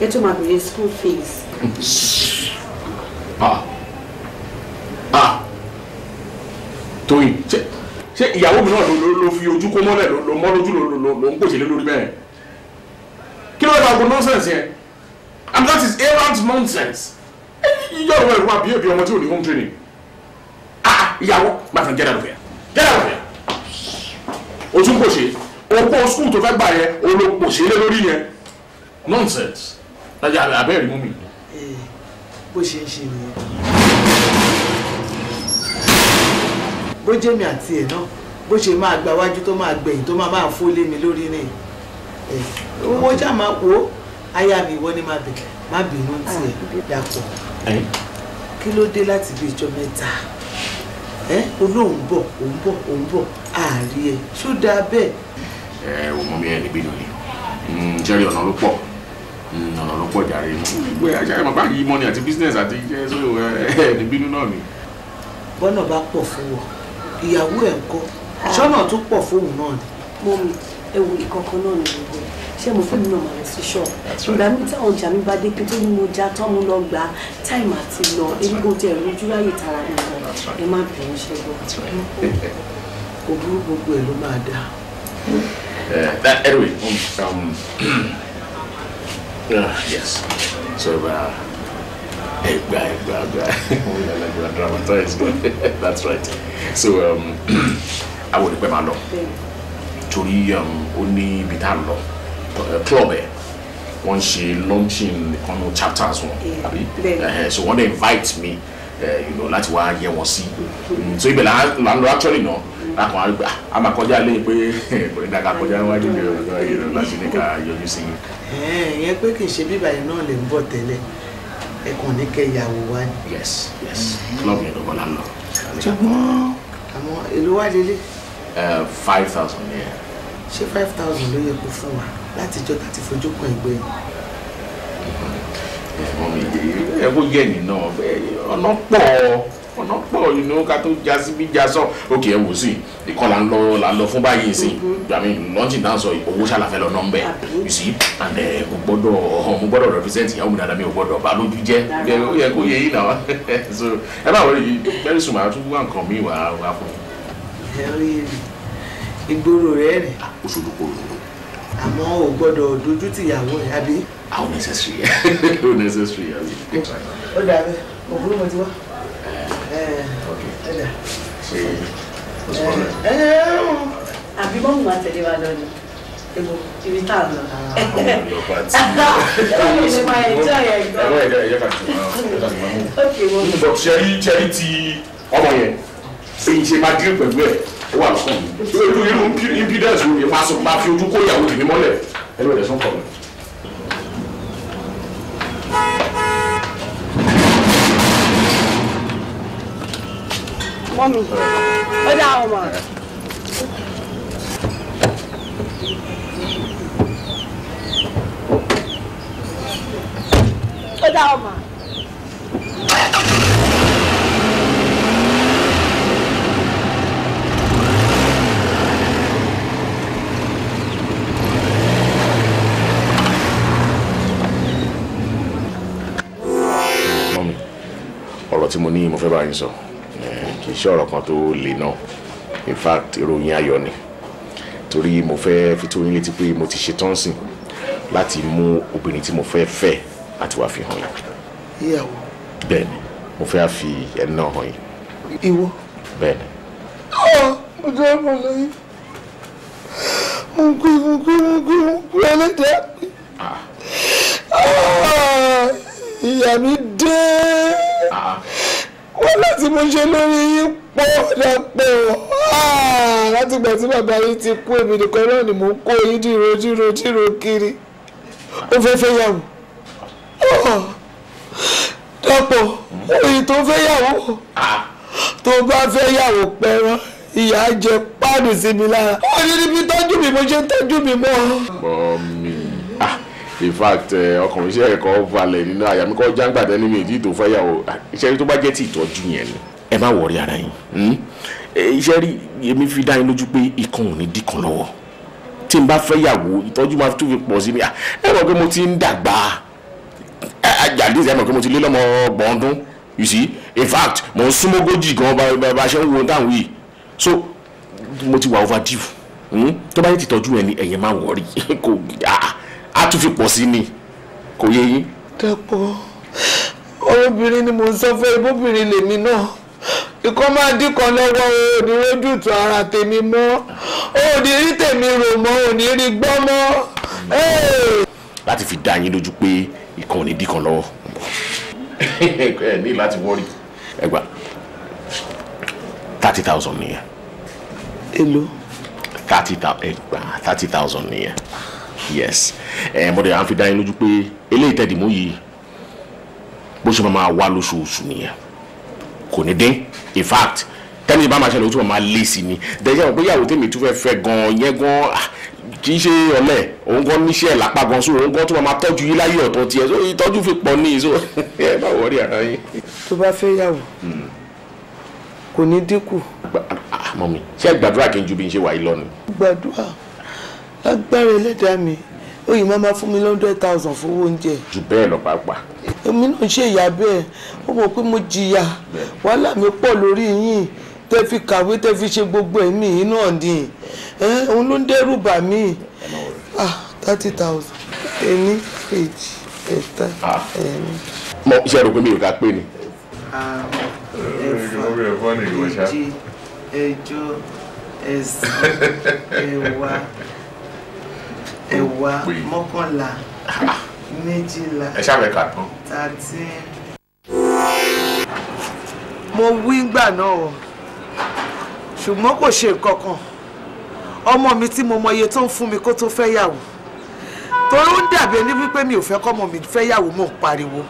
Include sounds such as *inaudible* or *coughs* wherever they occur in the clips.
ẹ tó máa school fees. ah ah Tóyìn ṣe ṣe ìyàwó mi Lo. Lo. Lo. fi oju kó mọ́lẹ̀ Lo mọ́ lójú Lo. Lo. ló ń pòṣèlé lórí bẹ́ẹ̀ kí ló bá gbọ́ nonsense yẹn and that is errant nonsense You ìwé ìwà bí èbí ọmọ tí ò ní home training ah ìyàwó My friend, get out of here get out of here Oju ń pòṣè òpó school tó fẹ́ gbà yẹn òun ló pòṣèlé lórí yẹn nonsense tájà abẹ́rẹ́ mú mi. Eh, bó ṣe ń ṣe nìyẹn. bó jẹ́mi àti ẹ̀ náà bó ṣe máa gba wájú tó máa gbẹ̀yìn tó máa máa fólé mi lórí ni eh, owó já máa wò ó aya mi ìwọ ni máa bẹ̀rẹ̀ má bínú tiẹ̀ ah. dàpọ̀ kí ló dé láti bí ìjọ mẹ́ta eh, olóhùn bọ̀ òun bọ̀ òun bọ̀ ààrí ẹ̀ ṣó dáa bẹ́ẹ̀. ẹ ò mọ mi ẹ níbí nìyí jẹ́rìí ọ̀nà ló pọ̀ Mm, ọ̀nà ló pọ̀ jàre pé ajáyé màbá yìí mọ́ni àti business àti iṣẹ́ sóyò ẹ̀ẹ́dì bínú náà ni. bọ́nà bá pọ̀ fún wọn ìyàwó ẹ̀ ń kọ́ sọ́nà tó pọ̀ fóun náà ni. mo mi ewu ìkankan náà ni gbogbo ṣé mo fún mi náà màá sí ṣọ ìgbà mi táwọn ọjà mi bá dé pé tó ní mo já tán mo lọ gba táìmù àti lọ egungun tẹ lójú ráyè tara mi lọ ẹ má bẹ̀rù ṣẹ́gun òbúrú gbogbo ẹ̀ ló máa dáa. Eh, anyway um, um, Ah, yes. So uh, Egba, Egba, Egba. dramatized. *laughs* That's right. So um, *clears throat* I would pẹ́ máa lọ. Torí um, ó ní ibi tá a Club once she launching ọ̀nà chapters wọn. Àbí? So wọ́n dey invite me uh, you know, láti wá yẹ wọn see. Mm, so ibẹ̀ là ń actually No? lápọn àrùgbà a máa kọjá lé pé *laughs* kò ní dàgbà kọjá níwájú mi ọjọ́ ìrọ láti ní ká yọjú sí yín. ìyẹn pé kì í ṣe bíbá yìí náà lè ń bọ̀ tẹ́lẹ̀ ẹkùn ní kẹyàwó wa ni. yes yes club yẹn lọ́kọ́ lánàá. ṣùgbọ́n àmọ́ èlò wá délé. five thousand ní ẹ. ṣé five thousand ló yẹ kó fún wa láti jọ tàti fojú kan ẹgbẹ́ yìí. ẹ̀wọ̀n mi ẹ̀ kó yẹ̀ nínú ọ̀nà pọ̀ ọ̀nà pọ̀ ìnú ká tó já sí bí já sọ òkè ẹ wò sí ìkọlà ń lọ là ń lọ fún báyìí sí àmì lọ́ọ̀tì náà sọ owó ṣàlàfẹ́ lọ nọ́mbẹ́ you see and eh, mo gbọ́dọ̀ mo gbọ́dọ̀ represent ìyàwó mi mi ò gbọ́dọ̀ bá lójú jẹ́ ó yẹ kó yẹ yìí náà *laughs* so ẹ bá wọlé yìí eh, very soon màá tún wá nǹkan mi wà á fún ìgboro rẹ ah, rẹ. oṣooṣù kò lò ó. àmọ́ ò gbọ́dọ̀ àbí. how necessary how necessary. ó dàbẹ̀ òkúrò mo ti wá àbí mọ́mù máa tẹ̀lé wa lọ ni èbò ibi tá a lọ. ọmọ mi máa ẹjọ́ yẹn gbọ́. ẹ̀rọ ẹ̀jẹ̀ ẹ̀jẹ̀ kàtí máa mú. bọ̀ ṣẹ́rí ṣẹ́rí ti ọmọ yẹn èyí ṣe máa dín pẹ̀lú ẹ̀ ó wà lọ́kàn mi. irú irú impudence wo ni máa fi ojú kó ìyàwó tèmi mọ́lẹ̀ ẹ̀rọ ẹ̀jẹ̀ sọ́kọ̀ mi. mami. Andiamo, mami. Andiamo, mami. Mami, ọ̀rọ̀ tí mo ní sọ̀rọ̀ kan tó le náà in fact ìròyìn ayọ̀ ni torí mo fẹ́ fi tó yín létí pé mo ti ṣetán sìn láti mú obìnrin tí mo fẹ́ fẹ́ láti wá fi hàn yín. ìyàwó. bẹ́ẹ̀ni mo fẹ́ fi ẹni náà hàn yín. ìwọ. bẹ́ẹ̀ni. Ah, mo jẹ́ ọmọ lẹ́yìn mo ń gbé mo ń gbé mo ń gbé mo ń gbé ẹlẹ́dẹ̀ẹ́. Ah. Ah, ìyá mi dé wàhálà tí mo ṣe lórí yín pọ̀ dàpọ̀ ah, láti ìgbà tí bàbá yìí ti kú èmi nìkan náà ni mò ń kó yín dìrò dìrò dìrò kiri ó fẹ́ fẹ́ yàwó ah, dàpọ̀ òyìn tó fẹ́ yàwó tó bá fẹ́ yàwó pẹ́rán ìyá jẹ páàdù sí mi lára ó ní níbi tọ́jú mi mo ṣe ń tọ́jú mi mọ́. bọ́ mi ah, in fact eh, ọkàn iṣẹ́ ẹ̀kọ́ balẹ̀ nínú àyà mi kọ́ jágbàdẹ́ ní mi ìdí tó fẹ́ yà o iṣẹ́ tó bá jẹ́ ti ìtọ́jú yẹn ni ẹ má wọrí ara yín hmm? iṣẹ́ rí èmi fi dá yín lójú pé ikán ò ní díkan lọ́wọ́ tí n bá fẹ́ yàwó ìtọ́jú máa tún fi pọ̀ sí ni ah, ẹ mọ̀ pé mo ti ń dàgbà àjàdí ẹ mọ̀ pé mo ti lé lọ́mọ ọgbọ̀n ọdún you see in fact mo ń súnmọ́ ogójì gan bá a ṣe ń wo táwọn yìí so mo ti wà overdue hmm? tó bá yẹ ti tọ́jú ẹni ẹ̀yẹ má wọrí *laughs* kò gbà ah, á á tún fi pọ̀ sí ni kò yé yín. dàpọ̀ ọ̀rọ̀bìnrin ni mo ń sọ fún ibóbìnrin lèmi náà ikọ́ máa dín kan lọ́wọ́ òní rójútu ara tèmi mọ́ òní rí tèmi rò mọ́ òní rí gbọ́ mọ́. láti fi dá yín lójú pé ikọ̀ òní dín kan lọ́wọ́. ẹ ní láti wọ́rí. ẹ gbà thirty thousand nìyẹn. èló. thirty thousand nìyẹn yes ẹ mo dẹ̀ à ń fi dá yín lójú pé eléyìí tẹ̀ dìmú yìí bó ṣe máa wá lóṣooṣù nìyẹn kò ní dín in fact tẹ́lẹ̀ ìbá máa ṣẹlẹ̀ ó túbọ̀ máa lé sí ni dẹ̀jẹ́ wọn pé ìyàwó tèmi tún fẹ́ fẹ́ gan-an yẹn gan-an ah, kì í ṣe ọ̀lẹ òun gan níṣẹ́ lápá gan so òun gan tún máa tọ́jú yín láyé ọ̀tọ̀ tiẹ̀ so ìtọ́jú fi pọ̀ ní ìṣó *laughs* ẹ bá wọrí ara yín. tó bá fẹ́ yàwó hmm. kò ní dínkù. àmọ́ ah, mi ṣé gbàdúrà kí n ju bí n ṣe wà yìí lọ ni. gbàdúrà agbára ẹlẹ́dàá mi oyè máa ma fún mi lọ́ndẹ̀ thousand fowó oúnjẹ. jù bẹ́ẹ̀ lọ pàápàá. èmi náà ṣe ìyá bẹ́ẹ̀ ó mọ̀ pé mo jìyà wàhálà mi pọ̀ lórí yín tẹ́ fi kàwé tẹ́ fi ṣe gbogbo ẹ̀mí yìí náà ni òun ló ń dẹ́rù bà mí ah, thirty thousand ẹni èjì ẹ̀ta ah. ẹ̀rin. mo ṣe rò mi ò ká pé ni. ẹ̀fà èjì ẹ̀jọ ẹ̀sán ẹ̀wá ẹ̀wá mọ́kànlá ah. méjìlá thirteen. mo wí ngbà náà o ṣùgbọ́n kò ṣe nǹkan kan ọmọ mi tí mo mọ iye tó ń fún mi kó tó fẹ́ yàwó torí ó ń dàbí ẹni wípé mi ò fẹ́ kọ́mọ mi fẹ́ yàwó mò pariwo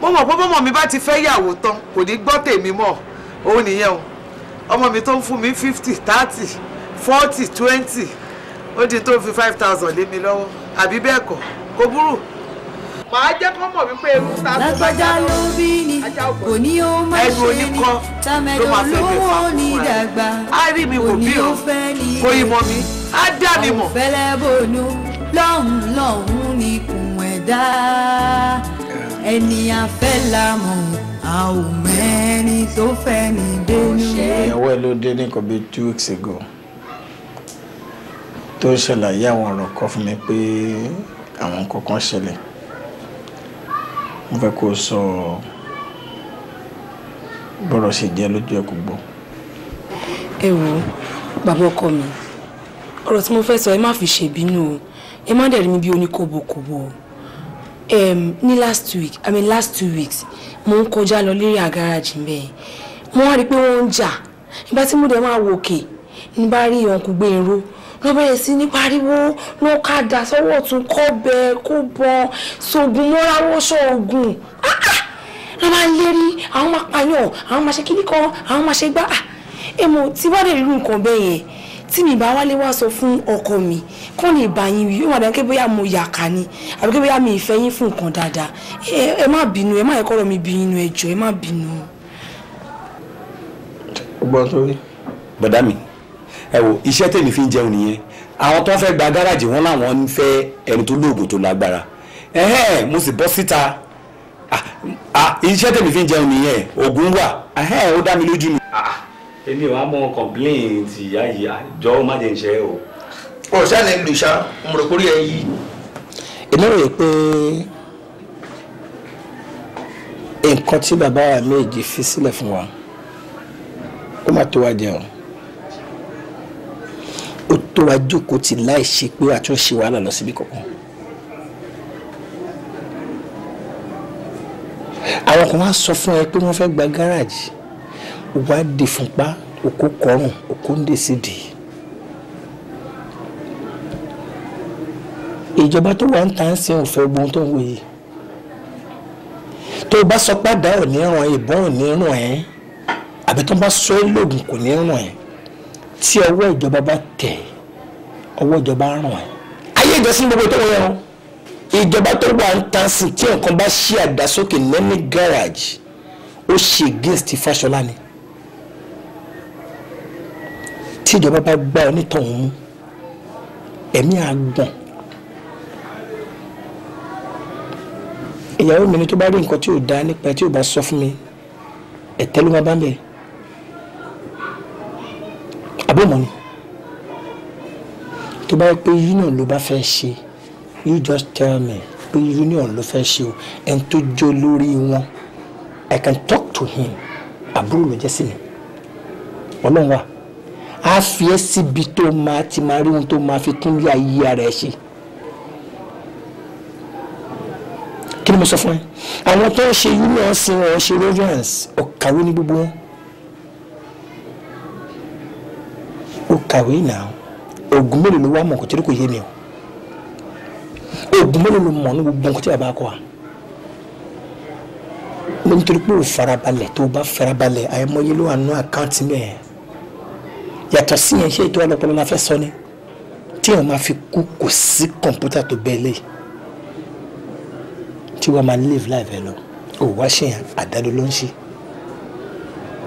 mo mọ̀ pé bọ́mọ mi bá ti fẹ́ yàwó tán kò ní gbọ́ tèmi mọ́ òun nìyẹn o ọmọ mi tó ń fún mi fifty thirty forty twenty ó ti tó fi five thousand lé mi lọ́wọ́ àbí bẹ́ẹ̀ kọ́ kò burú. màá jẹ́ kó mọ̀ wípé irú ta tó bá yá lọ ajá ògbọ́n òní ó má ṣe ní tàmẹ́dọ̀ lówó ní dàgbà òní ó fẹ́ ní kó ìmọ̀ mi á dà mí mọ̀. ọ̀fẹ́lẹ́ bonú lọ́hùn lọ́hùn ní kùn ẹ̀dá ẹni afẹ́ la mọ̀ a ò mẹ́ni tó fẹ́ ní dénú. ìyàwó ẹ ló dé ní nǹkan two weeks ago tó ṣàlàyé àwọn ọ̀rọ̀ kan fún mi pé àwọn kọ̀ọ̀kan ṣẹlẹ̀ mo fẹ́ kó sọ bọ́rọ̀ ṣe jẹ́ lójú ẹ̀ kò gbọ́. ẹ wo bàbá ọkọ mi ọ̀rọ̀ tí mo fẹ́ sọ ẹ má fi ṣèbínú o ẹ má dẹ̀ rí mi bí oníkòbòkòbò o ní last week i mean last two weeks mo ń kọjá lọ lérí àgárájì mbẹ́ẹ̀ mo wá rí i pé wọ́n ń jà ìgbà tí mo dẹ̀ máa wòkè ní bá rí ọ̀nkú gbé irú ló bẹ̀rẹ̀ sí ní pariwo ló ká dà sọ́wọ́ tún kọ́ bẹ kó bọ sògùn mọ́ráwọ́ sọ́ọ̀gùn ah, ah, ló máa ń lérí àwọn máa pààyàn àwọn máa ṣe kíní kan àwọn máa ṣe gbá ah, èmo tí wọ́n lè rí nǹkan bẹ́ẹ̀ yẹn tí mi bá wálé wá sọ fún ọkọ mi kàn lè bá wí ó máa dá pé bóyá mo yàkà ni àbí pé bóyá mi ìfẹ́ yín fún nǹkan dáadáa ẹ má bínú ẹ má yẹ kọ́rọ̀ mi bí inú ẹ jọ̀ọ́ ẹ má bínú. gbọ́n sórí. bọ̀dá mi ẹ wo iṣẹ́ tèmi fi ń jẹun nìyẹn àwọn tó ń fẹ́ gba gáràjì wọn làwọn ń fẹ́ ẹni tó lóògùn tó lágbára ẹ̀hẹ́n mo sì bọ́ síta iṣẹ́ tèmi fi ń jẹun nìyẹn oògùn wà ẹ̀hẹ́n ó dá mi lójú mi. èmi ò wá mọ kọ̀ǹpléǹ ti ìyá yìí àjọ má jẹ́ ń ṣe o. ọ̀sán ni lùṣà mo rò kórè ẹ yìí. èmi rò pé nǹkan tí bàbá wa méjì fi sílẹ̀ fún wa ó máa tó wa jẹun tó wa jókòó tì láì ṣe pé àtúnṣe wàhálà lọ síbi kankan. àwọn kan wá sọ fún ẹ pé wọ́n fẹ́ gba gáràjì wàá dè fúnpá òkú kọrùn òkú ń dè sídìí. ìjọba tó wà ń ta ń sin òfẹ́ ogun tó ń wòye tó bá sọ pàdá ò ní ràn ìbọn ò ní ràn ẹ́ àbí tó bá sọ ẹ́ lóògùn kò ní ràn ẹ́ tí ọwọ́ ìjọba bá tẹ̀ ọwọ́ ìjọba ràn ẹ́ ayé ìjọsìn gbogbo tó wọ́n ìjọba tó wà ń tan sí tí nǹkan bá ṣe àdásókè lẹ́ni garage ó ṣe against Fáṣọlá ni tí ìjọba bá gbá ọ nítọ̀hún mú ẹ̀mí àgbọ̀n ìyàwó mi ni tó bá rí nǹkan tí ò dáa nípa tí ò bá sọ fún mi ẹ̀tẹ́ ló máa bá ń bẹ̀ àbọ̀mọ̀ ni tó bá yẹ pé yìí náà ló bá fẹ́ ṣe you just tell me pé yìí náà ló fẹ́ ṣe o ẹni tó jó lórí wọn I can talk to him àbúrò ló jẹ́ sí mi ọlọ́run wa á fi ẹ́ síbi tó máa ti máa rí ohun tó máa fi tún lé ayé ara ẹ̀ ṣe. kí ni mo sọ fún ẹ àwọn tó ń ṣe union sin wọn ṣe reverence ọ̀kàwé ní gbogbo wọn ó kàwé náà oògùn mélòó ló wá mọ̀ kò tí kò yé mi o oògùn mélòó ló mọ̀ ní gbogbo nǹkan tí a bá kọ́ wa nítorí pé o farabalẹ̀ tó o bá farabalẹ̀ àìmọye ló wà nínú àkáǹtì mẹ́ẹ̀ yàtọ̀ sí yẹn ṣé ètò ọlọ́pàá la fẹ́ sọ ni tí wọ́n máa fi kú kò sí kọ̀ǹpútà tó bẹ́ẹ̀ lé tí wọ́n máa live life ẹ lọ òwò wá ṣèyàn àdádó ló ń ṣe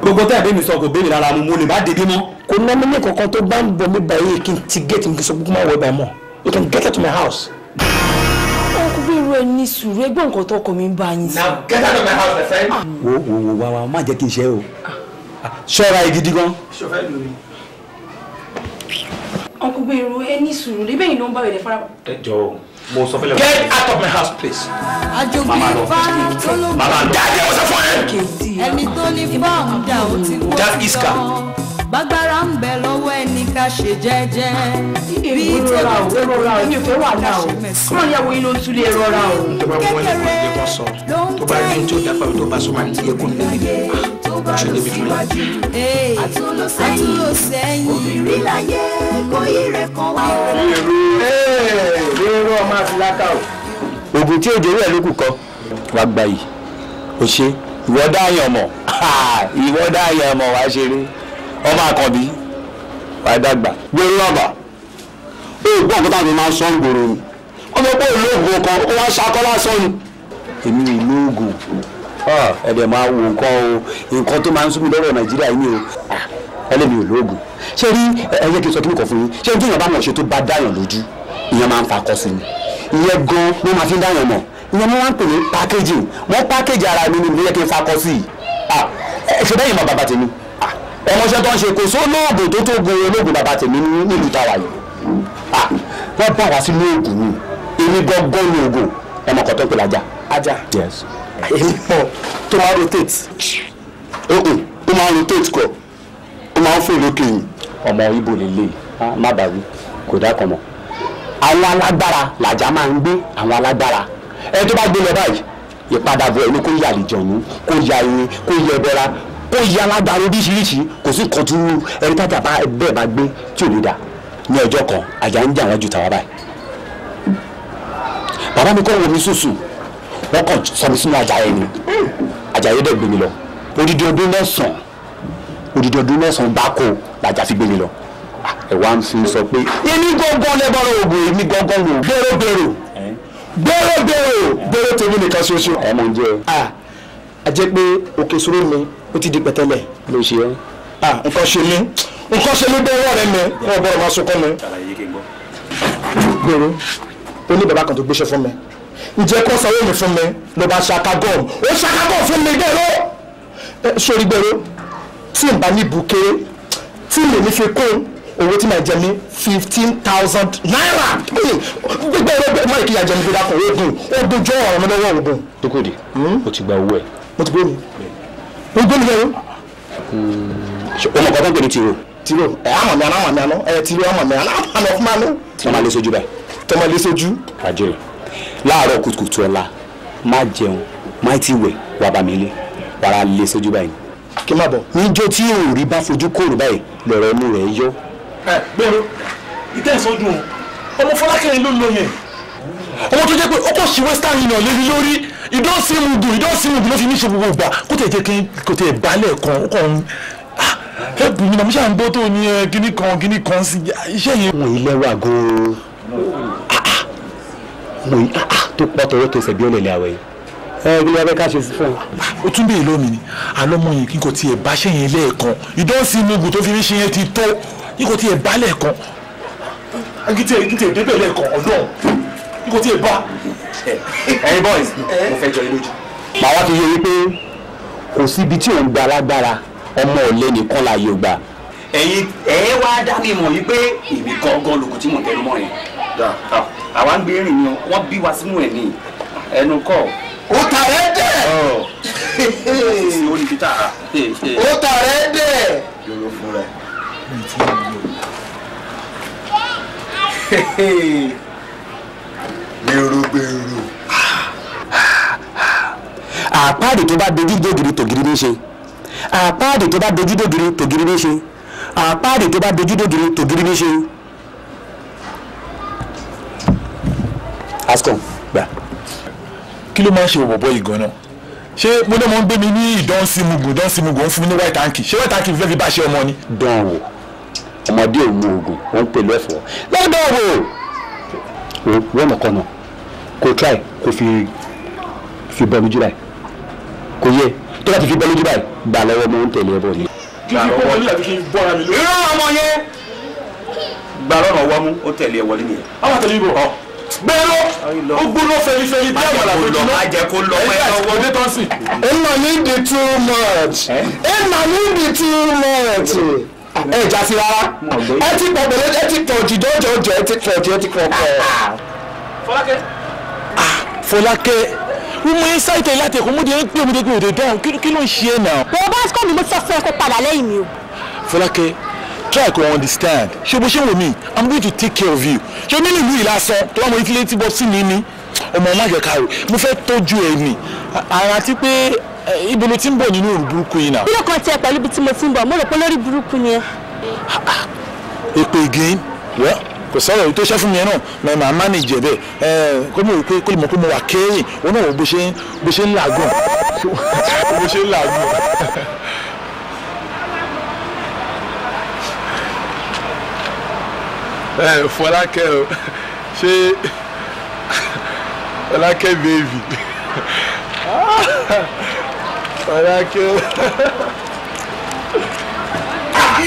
gbogbo tẹ́ ẹ̀bí mi sọ kò béèrè rárá mo lè má dédé mọ́. kò ná mi ní kankan tó bá ń bọ̀ mi báyìí kí n ti gẹ́tì mi kí n sọ gbogbo máa wọ ibà mọ́ you can get out of my house. ọkùnrin bí irú ẹni sùúrù ẹgbẹ́ nǹkan tó ọkọ mi ń bá yín. now get out of my house my friend. wo wo wo wa wa má jẹ́ kí n ṣe o ṣọ́ra ìgidi gan. ọkùnrin irú ẹni sùúrù ẹgbẹ́ yìí ló ń bá yẹn mo sọ fẹlẹ. get out of my house please. àjòbí fáàmù tó ló bá. jáde ọ̀sẹ̀ fún ẹ. ẹni tó ní fọ́ọ̀mù dà ó ti wọ́n lọ. bágbára ń bẹ lọ́wọ́ ẹni ká ṣe jẹ́jẹ́. bí tó lọ tó lọ rà ó ní òfé wà náà o kúrò yàwó inú tún lè rọra o. tó bá wọlé kò ní jẹ́ kó sọ tó bá rí ní tó dápá mi tó bá sọ máa ń tiẹ̀ kó ní lè rí i ṣe débi jùlọ. àtúlò sẹ́yìn obìnrin láyé kó ire kan wá o. rírọ ọmọ àfiláta o. oògùn tí òjò rẹ̀ ló kù kọ́ wá gba yìí o ṣe ìwọ dáyàn mọ̀ ìwọ dáyàn mọ̀ wá ṣeré ọmọ àkànbí wá dàgbà. gbèrú ọ̀bà ó gbọ́ nǹkan táwọn máa ń sọ ń gbòòrò ni ọmọ pé olóògùn kan ó wá ṣakọ́ lásán ni. èmi ìlú oògùn Ah, ẹ̀dẹ̀ máa wo nǹkan o nǹkan tó máa ń súnmi lọ́rọ̀ nàìjíríà yìí o ah, ẹlẹ́mi ò lóògùn ṣé rí ẹyẹ kí n sọ kí n kọ fún yín ṣé ní ìyàn bá mọ̀ ṣe tó bá dáyàn lójú ìyẹn máa ń fakọ sí ni ìyẹn gan ló máa fi ń dáyàn mọ̀ ìyẹn wọ́n wá ń pè ní packaging wọ́n package ara mi ni ìyẹn kí n fakọ sí i ṣe bẹ́ẹ̀ yẹn mọ bàbá tèmi ah, ọmọọṣẹ́ tó ń ṣe kò sólóògùn tó tó gun olóògùn bàbá tèmi nílùú tàwa yìí wọ́n bá wá sínú oògùn ni èmi gangan ní oògùn ẹmọ kan tó ń pè lájà. ajá yes èmi mọ̀ tó máa rotate ó máa rotate kọ ó máa ń ọmọ ibo lè má bàa kò dákọ mọ àwọn alágbára làjà máa ń gbé àwọn alágbára ẹ tó bá gbé lọ báyìí ìpadàbọ̀ ẹni kó yà kọ yà ẹbẹra yà alágbára oríṣiríṣi kò sí ẹni kan àjà ń jà ju bàbá mi kọ́ mi wọ́n kàn sọ mi sínú Àjàyí ni hmm. Àjàyí dẹ̀ gbé mi lọ odidi ọdún mẹ́sàn-án odidi ọdún mẹ́sàn-án gbáko làjà fi gbé mi lọ ah, ẹ wá ń sin sọ pé èmi gángan lẹ́bọ̀rọ̀ ògùn èmi gángan lò gbèrò gbèrò gbèrò gbèrò gbèrò tèmi nìkan ṣoṣo. ẹ mọ jẹ. Ah, a jẹ pé òkè sóró mi ó ti di pẹ̀tẹ́lẹ̀. ló ṣe é. Ah, nǹkan ṣe mí nǹkan ṣe mí bẹ́ẹ̀ rẹ̀ mi wọ́n bọ̀rọ̀ máa sunkún mi. gbèrò ó ní bàbá kan tó gbéṣẹ́ fún mi ǹjẹ́ kó sanwó mi fún mi ló bá ṣaka gọ́ọ̀mù ó ṣaka gọ́ọ̀mù fún mi gbèrò sórí gbèrò tí n bá ní bùkéré tí mi ní fi kún owó tí màá jẹ ní fifteen thousand naira gbẹgbẹrẹ bẹẹ má ìkíyà jẹ ní bí dákun oògùn oògùn jọ ọ̀rọ̀ mi lọ́wọ́ oògùn. dókòdì o ti gba owó ẹ. mo ti gbé mo gbé mi o mọ̀ kọ́ tó tiro. tiro ẹ̀ àmọ̀ mi àná àmọ̀ mi àná ẹ̀ tiro àmọ̀ mi àná àmọ̀ mi àná. tọ́mọ lé sojú báyìí. tọ́mọ lé sojú. àjẹrè láàárọ̀ kùtùkùtù ọ̀la má jẹun má ti wẹ̀ wà bá mi lé wàrà lé sójú báyìí. kí má bọ̀ níjó tí òòrí bá fojú kóòrò báyìí lọ̀rọ̀ inú rẹ̀ yọ. ẹ gbèrò ìtẹ̀sọ́dún ọmọ fọlákẹ́rin ló lóye owó tó jẹ́ pé ó kò sí western union lórí lórí ìdánsimudu ìdánsimudu ló fi ní ṣe gbogbo ìgbà kó tẹ̀ jẹ́ kí kò tẹ̀ balẹ̀ kan ó kàn ń ẹ̀bùn mi náà mo ṣáà tó ní kíní kan kíní kan sí iṣẹ́ yẹn. wọn ì lẹ́wà gan-an mo yí ah, ah, tó pọ̀ tọwọ́ tó ṣẹ̀bi ọ̀lẹ̀lẹ̀ àwẹ̀ yìí. ẹ ẹ gbìyànjú ká ṣe sí fún wa. o tún bèèrè lómi ni àlọ́mọ yìí kí n kò tiẹ̀ bá ṣẹ́yìn lẹ́ẹ̀kan ìdọ́sí mugun tó fi mí ṣe yẹn ti tó kí n kò tiẹ̀ bá lẹ́ẹ̀kan akitẹ akitẹ débẹ̀ lẹ́ẹ̀kan ọ̀nà kí n kò tiẹ̀ bá. ẹyin boys mo fẹ́ jọ ilójú. màwa ti yẹ wípé kò síbi tí òun gba alágbára ọmọ ọ̀lẹ nìkan la yóò gbà. ẹ̀yin ẹ̀ wá dá mi mọ̀ wípé èmi gangan lòkùn tí mò ń tẹnu mọ́ yẹn àwa ń gbé rìn ni wọ́n bí wa sínú ẹ̀ ní ẹnu kọ́. ó ta rẹ dẹ. ó ní títà. ó ta rẹ dẹ. yòrò fún rẹ. gbèrò gbèrò. àpáàdì tó bá dojú dògiri tògiri ní ṣe àpáàdì tó bá dojú dògiri tògiri ní ṣe àpáàdì tó bá dojú dògiri tògiri ní ṣe. ascom gbà. kí ló máa ń ṣe òbọ̀bọ̀ yìí gan-an ṣé mo ní mo ń gbé mi ní ìdánsimugun ìdánsimugun ń fún mi ní white tank ṣé white tank fẹ́ fi bá ṣe ọmọ ni. dán wò ọmọdé ò mú oògùn wọn ń pè lẹ́fọ̀ọ́ lọ́dọ̀ wò wọ́n kọ́ náà kò try kò fi fi bọ́ lójú báyìí kò yẹ tó bá ti fi bọ́ lójú báyìí gbà lọ́wọ́ mo ń tẹ̀lé ẹ bọ̀ ni. kí ni kò wọlé àti kí n bọ́ra mi lórí. irọ́ ọmọ yẹn gbà gbèrò ó gbóná fẹlifẹli bí àwọn àlàfo jùlọ ẹ̀yìn àti tọ́sí. ẹnà ní di too much ẹnà ní di too much ẹ jà sí rárá ẹ ti pọ̀ pẹ̀lú ẹ ti pọ̀ jù jọjọjọ ẹ ti pọ̀ jù ti pọ̀ pọ̀. Fọlákẹ́. Ah, Fọlákẹ́ mo mọ ẹsáìtẹ láti ẹkọ mo de ń pè mo de ń pè mo kí ló ń ṣe é náà. bọ̀ bá ṣọ́ọ̀nù mo sọ fún ẹ kó padà lẹ́yìn mi o. Fọlákẹ́ try to understand ṣé bó ṣe wò mí i'm going to take care of you ṣé nínú ìlú ìlàsán tó wọn mọ ìdílé tí bọ́sì mi ni ọmọ ọmọ àjẹká rẹ mo fẹ́ tọ́jú ẹ ni àrántí pé eh, ibo ló ti ń bọ̀ nínú òru burúkú yìí náà. bílẹ̀ kan tiẹ̀ pẹ̀lú ibi tí mo ti ń bọ̀ mo rò pé lórí burúkú ni ẹ. èpè again wẹ́ kò sọ̀rọ̀ èyí tó ṣẹ́ fún mi náà mẹ màá má nì jẹ̀bẹ̀ kó mọ̀ pé kó mọ̀ pé mo wà kẹ́yìn òun náà wò bó ṣe ń làágùn bó ṣe ń làágùn. Eh, Fọlákẹ́ o ṣé Fọlákẹ́ bèbí Fọlákẹ́ o.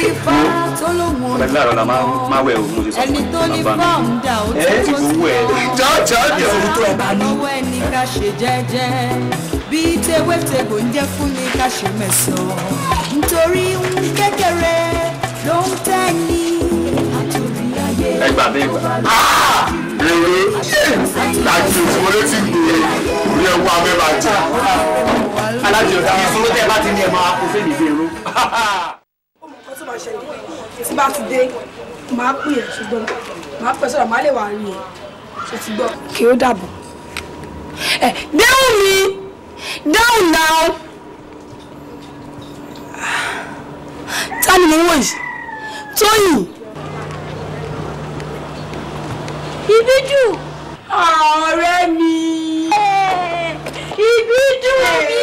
Ifá tó ló mú un lọ́wọ́ ẹni tó ní fọ́ǹdà ó ti tó sí ọ́ àbàlọ́wọ́ ẹni ká ṣe jẹ́jẹ́ bí tewétegbò ń jẹ́ fún ni ká ṣe mẹ̀sàn-án nítorí kékeré ló ń tẹ́ ẹgbà bẹ́ẹ̀ gbà. Ah! rere láti ìṣòro ló ti gbé orí ẹ̀kú abẹ́bà jẹ. alájọ ìṣòro tẹ bá ti ní ẹ máa kó fèmí bí irú. ọmọ kan tó máa ṣẹlẹ̀ tí bá ti dé máa pè é ṣùgbọ́n máa pẹ̀ sọ̀rọ̀ máa lè wà rí ẹ̀ ṣe ti gbọ́. kí ó dàbọ̀ ẹ dáhùn mi dáhùn náà ta ni mo wọ̀ Tóyìn. Ìbídùn. ọ̀rẹ́ mi. Ìbídùn mi.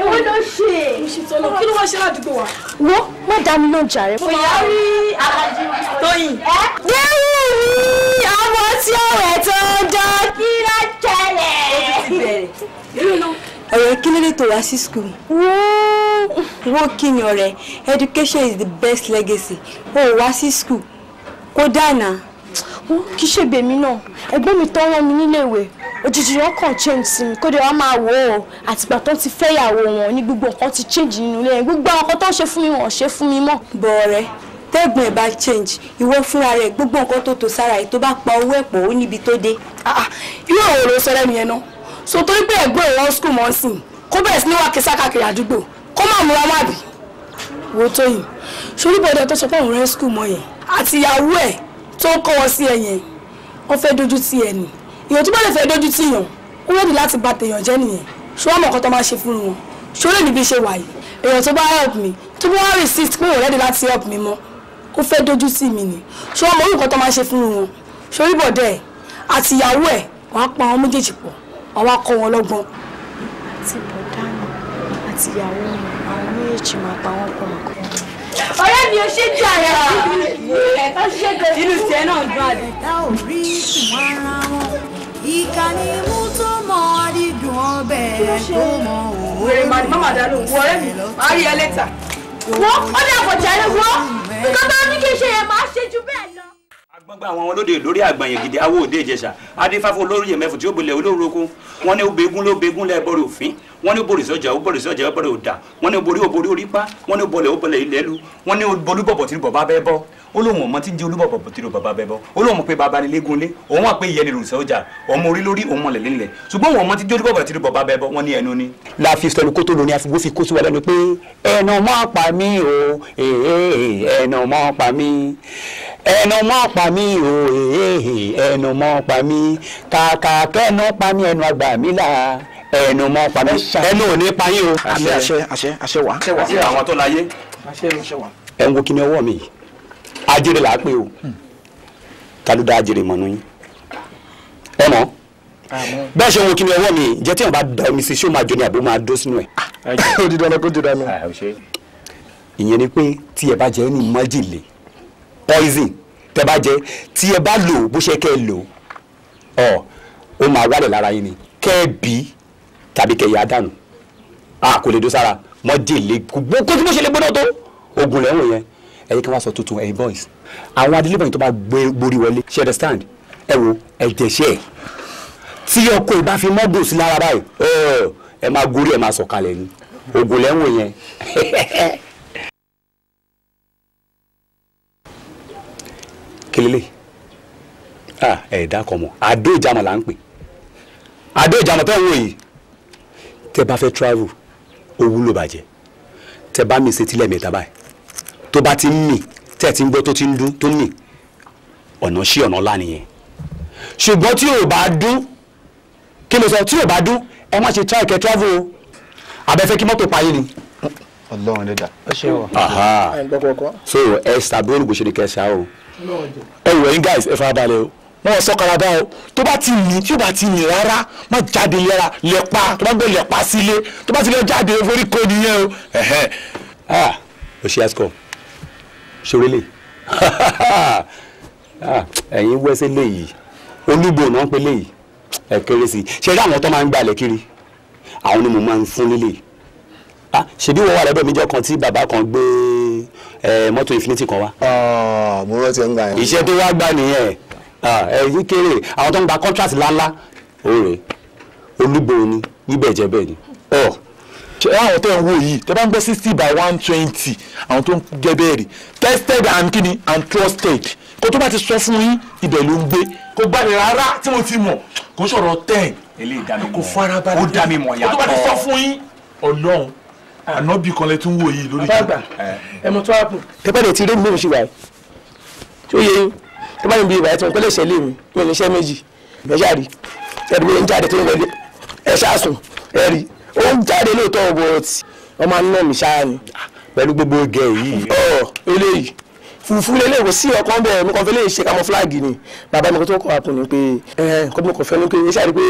èwo ló ṣe. ìṣètọ́lọ kí ló wá ṣe ládùúgbò wa. wo má dá mi lóhùn jàre. bóyá rí alájú tóyìn. wíwí ọmọ tí ọ̀rẹ́ tó ń dán kí ló jẹlẹ̀. ó ti bẹ̀rẹ̀ ọ̀rẹ́ kí ló dé tó wá sí school. wo kí ni ọ̀rẹ́ education is the best legacy. o wá sí school kó dáná kì í ṣègbè mi náà ẹ̀gbọ́n mi tó rán mi níléèwé òjijì wọn kàn change sí mi kódé wọn máa wò ó àtìgbà tó ti fẹ́yàwó wọn ní gbogbo nǹkan ti change nínú ilé yẹn gbogbo àwọn kan tó ń ṣe fún mi wọn ṣe fún mi mọ́. bọ̀ọ̀rẹ́ tẹ́gbọ̀n ẹ̀ bá change ìwọ fúnra rẹ̀ gbogbo nǹkan tó tò sára ẹ̀ bá pa owó ẹ̀ ó níbi tó dé. Ah, ah, irú àwọn ọ̀rọ̀ sọ lẹ́nu yẹn náà so torí pé ẹ̀gbọ́n ẹ̀ wọ́n skul mọ́ sí kó bẹ̀rẹ̀ sí ní wàá kẹsà káàkiri àdúgbò kó má múra wá bì. wo tóyìn ṣorí bọ́dọ̀ tó sọ pé òun rẹ́ skul mọ́ yẹn àtìyàwó ẹ̀ tó ń kọ́ wọn sí ẹ̀yẹn wọ́n fẹ́ dojú tì ẹ̀ nì èèyàn tó bá lè fẹ́ dojú tì yàn ó rẹ́dì láti bà tèèyàn jẹ́ nìyẹn ṣó wọ́n mọ̀ tó máa ṣe fún wọn ṣó lè níbi ṣe wà èèyàn tó bá help me. tó bá wá resist pé òun rẹ́dì láti help me? mọ́ ó fẹ́ dojú tì mí ni ṣó wọ́n mọ̀ orúkọ tó máa ṣe fún wọn ṣorí bọ̀dẹ̀ ẹ̀ àti ìyàwó ẹ̀ wàá pa àwọn méjèèjì pọ̀ wàá kọ́ wọn lọ́gbọ́n. àti bọ̀dá mi àti ìyàwó mi àwọn méjèèjì máa pa wọn pọ̀ ọ̀rẹ́ mi ò ṣe jẹ́ àyà ẹ̀ka ah. ṣiṣẹ́ jẹ́ inú tiẹ̀ náà dùn àdé. dá orí sùn ara wọn ìkà ni mú tó mọ dídùn ọbẹ̀ tó mọ òwe. wèrè màdì má màdà ló wọ ọ̀rẹ́ mi máa rí ẹ lẹ́tà. wọ́n ó ní àpọ̀jà rẹ̀ nǹkan tó ní kí n ṣe yẹn máa ṣe ju bẹ́ẹ̀ lọ gbọ́ngbọ́n àwọn olóde lórí àgbàyàn gidi awo òde ìjẹsà adéfáfó olórí yẹmẹfù tí ó bolẹ̀ olóroko wọn ní obegun ló begun lẹ bọrẹ òfin wọn ní borí sọjà ó borí sọjà ó borí òdà wọn ní borí ó borí wọn ní bolẹ̀ ó bolẹ̀ ilẹ̀ wọn ní bolúbọ̀bọ̀ tí bọ̀ bá bẹ́ bọ́ ó lóun ọmọ tí ń jẹ olúbọ̀bọ̀ bòtìrò bàbá bẹ́bọ ó lóun pé bàbá ni léegun lé òun wà pé ìyẹn ni ròṣẹ́ ọjà ọmọ orí lórí òun mọ̀lẹ́ nílẹ̀ ṣùgbọ́n òun ọmọ tí ń jẹ olúbọ̀bọ̀ bòtìrò bàbá bẹ́bọ wọ́n ní ẹnu ni. la fi sọ̀rọ̀ kótó lóní àfiwó fi kó sí wa lẹ́nu pé ẹnu mọ́ pa mí o eh, eh, eh, ẹnu mọ́ pa mí ẹnu mọ́ pa mí o ẹnu mọ́ pa mí kàkà kẹ́nu pa mí ẹnu àgbà mi là ẹnu mọ́ pa mí ẹnu ò ní ẹ ń wo kí ni ọwọ́ mi yìí ajere la á pè o ta ló dá ajere mọ̀ nù yín ẹ mọ̀ bẹ́ẹ̀ ṣe wọn kí ni ọwọ́ mi jẹ́ tí wọn bá da omi sí ṣé ó máa jọ ni àbí ó máa dó sínú ẹ̀. ó di kó di dandan. ìyẹn ni pé tí ẹ bá jẹ ẹ ní májèlé poison tẹ bá jẹ tí ẹ bá lò bó ṣe kẹ lò ọ ó máa wálẹ̀ lára yín ni kẹ ẹ bí tàbí kẹ yà á dànù a ah, kò lè dó sára mọ́jèlé kó tí mo ṣe lè gbóná tó oògùn lẹ́wọ̀n yẹn ẹ yẹ kí wọ́n sọ tuntun ẹ̀yin boys àwọn adélébọ̀yìn tó bá gborí wọlé ṣe understand ẹ wo ẹ̀jẹ̀ ṣe ẹ̀ tí ọkọ̀ ìbá fi mọ́gùn sí lára báyìí oh, ẹ máa gorí ẹ máa sọ̀kalẹ̀ ni ògùn lẹ́wọ̀n yẹn. kelele ẹ̀ẹ́dá kan mọ̀ àdó ìjàmọ̀ là ń pè àdó ìjàmọ̀ tẹ́ ń wò yìí tẹ́ bá fẹ́ travel owó ló bàjẹ́ tẹ́ bá mi ṣe tílẹ̀ mẹ́ta báyìí tó bá ti ń mì tẹ̀ tí ń gbọ́ tó ti ń dún tó ń mì ọ̀nà sí ọ̀nà ọ̀la nìyẹn ṣùgbọ́n tí ò bá dún kí ló sọ tí ò bá dún ẹ má ṣe try travel o abẹ́fẹ́ kí mọ́tò payé ni. Ọlọ́run lè dà. so ẹ ṣàbí olùgbòsèré kẹsà o ẹ wọ yín guys ẹ fara balẹ̀ o wọn sọ karada o tó bá ti yìn tí ó bá ti yìn rárá má jáde yẹra lẹ́pa tó bá gbé lẹ́pa sílé tó bá ti jáde forí kò nìyẹn o. ó ah, ṣe àsìkò ṣorélé *laughs* ah, ẹ̀yin wẹ́sẹ̀ léyìí olúbo náà ń pe léyìí ẹ̀ kéré sí i ṣe rí àwọn tó máa ń gbalẹ̀ kiri àwọn ni mo máa ń fún lílé ah, ṣebí wọ́n wà lọ́dọ̀ mi jọ kan tí bàbá kan gbé mọ́tò infinity kan wá. Ah, mo rántí ń gbà yẹn. iṣẹ́ tó wá gbà nìyẹn ẹ̀yìn kéré àwọn tó ń gba contract ńláńlá òòrè olúbo ni níbẹ̀ jẹ́ bẹ́ẹ̀ ni àwọn tẹ́ ń wò yìí tẹ́ bá ń gbọ́ sixty by one twenty àwọn tó ń jẹ́ bẹ́ẹ̀ rí tested and kini and trusted kó tó bá ti sọ fún yín ibẹ̀ ló ń gbé kó bá ní rárá tí mo ti mọ̀ kó sọ̀rọ̀ ten kó farabalẹ̀ kó dá mi mọ̀ yàtọ̀ kó tó bá ti sọ fún yín ọlọ́run ànábì kan lẹ tún wò yìí lórí ìjọba. ẹ mọ tó wá kùn. tẹ́pẹ́ lè ti rí mi bí mo ṣe wà yìí tí ó yẹ yín tó bá mi bí ibà yẹn tí mo pẹ́lẹ́ ìṣẹ̀lẹ̀ mi mi ò ní iṣẹ́ méjì ẹ̀ ṣáà rí ẹ̀rí mi ń jáde tó ń lọ ẹ̀ ṣáà sùn ẹ̀ rí ó ń jáde lóòótọ́ ọ̀bọ̀rọ̀ tí wọ́n máa ń nà mí ṣáá ni. pẹ̀lú gbogbo oge yìí. ọ eléyìí fùfú lélẹ̀ kò sí ọkàn bẹ́ẹ̀ mo kàn fẹ́ lè ṣe camouflage ni bàbá mi kò tó kọ́ àpò ni pé ẹ̀ẹ́dẹ́gbọ́n mi kò fẹ́ ni pé ṣáà ni pé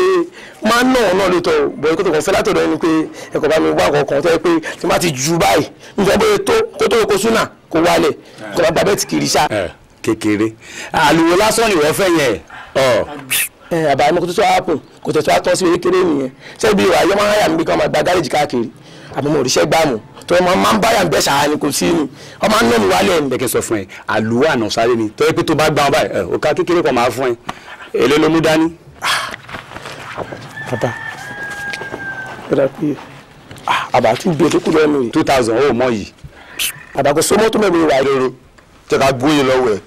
máa ń nà ọ́ náà lóòótọ́ bọ̀ ẹ̀kọ́ tó kàn fẹ́ látọ̀dọ̀ ni pé ẹ̀kọ́ bá mi wá kọ̀ọ̀kan tó yẹ pé tí wọ́n ti ju báyìí nígbà bóyá tó kó tó kó súnà kó wálẹ̀ kó bá bàbá ẹ̀ ti kiri ṣá. kékeré àlùwò lásán ni wọ́n fẹ́ yẹn àbàmọ́ kó tó tó happen kò tẹ̀ tó wá tán sí erékeré nìyẹn sẹ́bi ìwà ayé máa ń yà mí kí wọ́n máa gba gáréjì káàkiri àmọ́ mo ríṣẹ́ gbàmù tó ọmọ máa ń báyà bẹ́ẹ̀ ṣáà ni kò sí ni ọmọ ń nàmú wálẹ̀ ni. bẹ́ẹ̀ kí n sọ fún ẹ àlùwà àná sáré ni tẹ́lẹ̀ pé tó bá gbà wọn báyìí ẹ òkà kékeré kan máa fún ẹ èlé ló mú dání. bàbá bàbá pé ah, àbá tún bí ètò kù lọ́wọ́ mi rè. two thousand ó mọ yìí. àbá kò sọmọ tó mẹ́rin wà rere.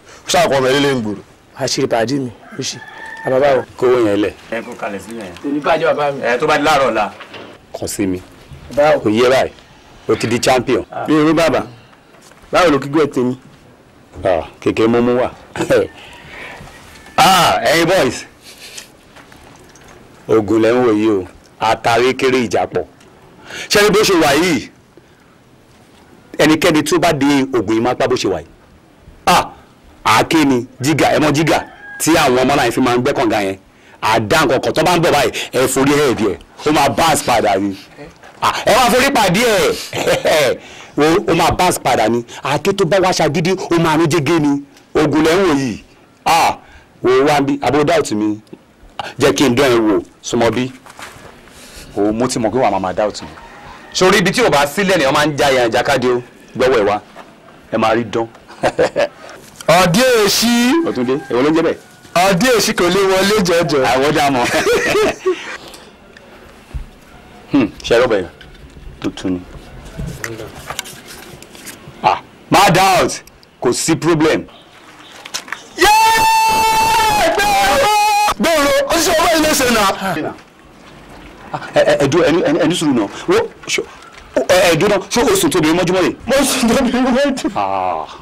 jẹ́ ká àbàbà o. kówó yẹn lẹ. ẹ kó kalẹ̀ sílẹ̀ yẹn. èmi bá jẹ́ bàbá mi. ẹ tó bá di láàárọ̀ la. kàn sí mi kò yẹ báyìí o ti di champion. Ah. mi ò ní bàbá báwo ló kíkọ́ ẹ̀ tèmi. kékeré mo mú wà. ẹyin *laughs* ah, boys ogun lẹ́ ń wò yìí o àtàrí kéré ìjàpọ̀ ṣé ní bó ṣe wà yìí ẹnikẹ́ni tó bá di ogun yìí máa pa bó ṣe wà yìí ah, àáké ni jígà ẹ̀mọ́ jígà. tí àwọn ọmọ náà fi máa ń gbẹ́ kànga yẹn àdá nǹkan kan tó bá ń bọ̀ báyìí ẹ forí ẹ̀ díẹ̀ ó máa padà ni ẹ wá forí pàdé *laughs* ó máa padà ni tó bá wá ṣàgídí ó máa ní ni ogun yìí wò wá bí abúlé mi jẹ́ kí n dán ẹ wò sọmọ bí òun mo ti mọ̀ pé wàá ibi tí o bá sílẹ̀ ni wọ́n máa ń ja ìyàn o gbọ́wọ́ wá ẹ máa rí dán. *laughs* èsì. ń jẹ ọdí èsì kò lè wọlé jọjọ. àwọn dá mọ. ṣe rọ́bà yẹn tuntun ni. Ah, my doubt kò sí problem. gbèrò ó sì ọwọ́ ilé ṣe nà. ẹ̀dú ẹni sùúrù nà ẹ̀dú náà ṣé o sùn tóbi mọ́júmọ́ rẹ̀. mo sùn tóbi mọ́júmọ́ rẹ̀. Ah.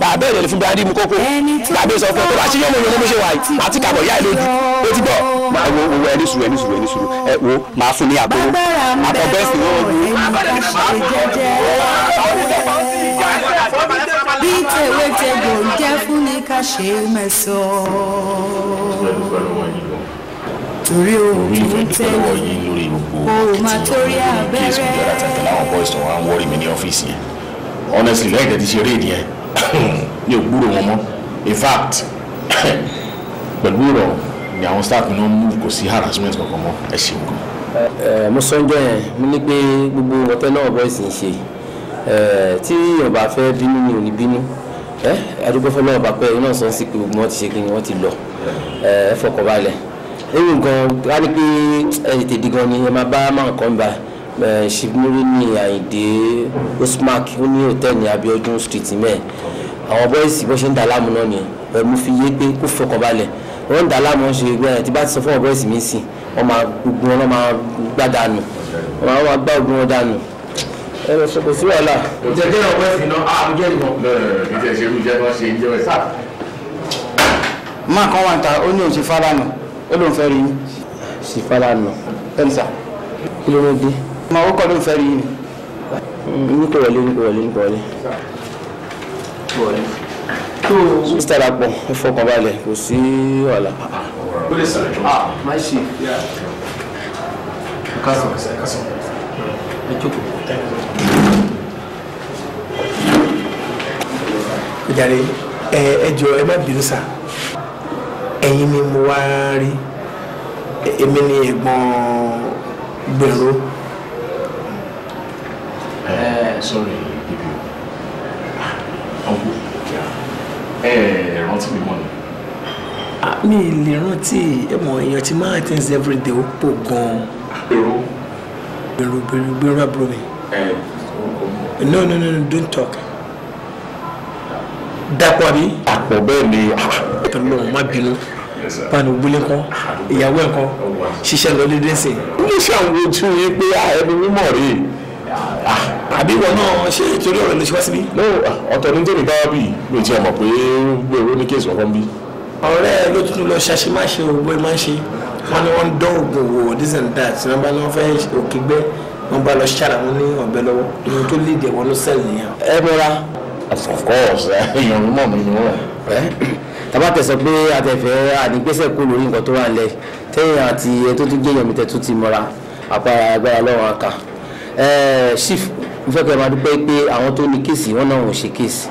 bàbá èrè fún bíadí mu kókó bàbá sọ fún ọ tó bá ṣe yóò mú yóò mú ṣe wáyé màá ti kàbọ̀ yá ẹ lójú ó ti bọ̀ máa wo owó ẹni sùúrù ẹni sùúrù ẹni sùúrù ẹ wo máa fún ní àbúrò àtọ̀bẹ́sì ni wọ́n wù. bí tèwé tègbò ń jẹ́ fún ní ká ṣe mẹ́sàn-án torí ohun tó ń tẹ́lẹ̀ ohun máa torí abẹ́rẹ́. honestly lẹ́yìn tẹ́tí ṣe eré nìyẹn *coughs* mi ò gbúrò wọn mọ́ in fact *coughs* pẹ̀lú ìrọ̀ ni àwọn staff mi náà mú kò sí harassment kankan mọ́ ẹ ṣeun kan. mo sọ ń jọ yẹn mo ní pé gbogbo ọtẹ náà boys ń ṣe tí èèyàn bá fẹ́ bínú ni ò ní bínú àdúgbò fọlọ́ ọba pé iná sọ sí pé gbogbo wọn ti ṣe kí ni wọ́n ti lọ ẹ fọkàn balẹ̀ ewu nǹkan wá ní pé ẹ tètè di gan ni ẹ máa bá máa kàn bá ṣibimirini àyìndé osmark ó ní hòtẹ́ẹ̀lì ní abiodun street mẹ́ẹ̀ àwọn bọ́ìsì bó ṣe ń da láàmú náà ni mo fi yé pé kó fọkàn balẹ̀ wọ́n ń da láàmú ṣe gbé ẹ̀ tí bá ti sọ fún àwọn bọ́ìsì mi sí wọ́n máa gbogbo wọn máa gbá dànù wọ́n máa gbá ogun wọn dànù ẹ lọ sọkò sí wàhálà. ìjẹ́jẹ́ ọ̀pẹ́ sí iná àbújẹ́ ìbọn. ìjẹ́jẹ́ ìjẹ́ bá ṣe ìjẹ́ ẹ̀ sáà máa kan wà ń ta ó ní òun ṣe fálànà ó lóun fẹ́ rí yín. ṣe fálànà. ẹ ní sà kí ló ń dé ọmọ orúkọ ló ń fẹ́ rí i ni. Mm, nípò wọlé nípò wọlé nípò wọlé. mr dapò ẹ fọkàn balẹ̀ kò sí ọ̀la. ó lè sọ̀rọ̀ ah má ṣe. kásán kásán ẹ jókòó. ìjàre ẹ ẹ jọ ẹ má bínú sá ẹ̀yin ni mo wá rí èmi ni ẹ̀gbọ́n gbèrò. Uh, sorry, Ibu. Uncle. Ẹ eh, rántí mi mọ́ ni. Ah, mi lè rántí ẹ̀mọ̀ èèyàn ti máa tẹ́ǹsì everyday ó pọ̀ gan-an. Èrò. Gbèrò gbèrò gbèrò àbúrò eh, mi. No no no no don't talk. Dàpọ̀ àbí? Àpọ̀ bẹ́ẹ̀ ni. Tọ́lọ́run má bínú panu gbélé kan ìyàwó ẹ̀ kan ṣiṣẹ́ lọ lédè sí. Mo ṣàwọn ojú yín pé ah, ẹni mímọ̀ rèé àbí wọn náà ṣe torí ọ̀rọ̀ ló ṣe wá síbí. no ọ̀tọ̀ ní tèmi bá wá bí mi ti mọ̀ pé gbèrò ní kéésì ọkàn bí. ọ̀rẹ́ ló tún lọ ṣàṣe má ṣe òògùn ẹ má ṣe wọn ni wọn ń dán oògùn wò this and that wọn bá ní wọn fẹ́ òkè gbẹ́ wọn bá lọ ṣàrà wọn ní ọ̀bẹ lọ́wọ́ ìyẹn tó lè dẹ̀ wọn ló sẹ́ẹ̀lì yẹn. ẹ mọ́ra. of course èèyàn mi mọ̀ mi ni wọ́n. tàbá tẹ̀sán pé àtẹ̀fẹ́ àdìgbésẹ̀ kó lórí nǹkan tó wà ń lẹ̀ tẹ́yìn àti ẹ tó tún gbé èèyàn mi tẹ̀ tún ti mọ́ra àpá chief mo fẹ́ kẹ́ ẹ máa dúpẹ́ pé àwọn tó ní kéèsì wọn náà ò ṣe kéèsì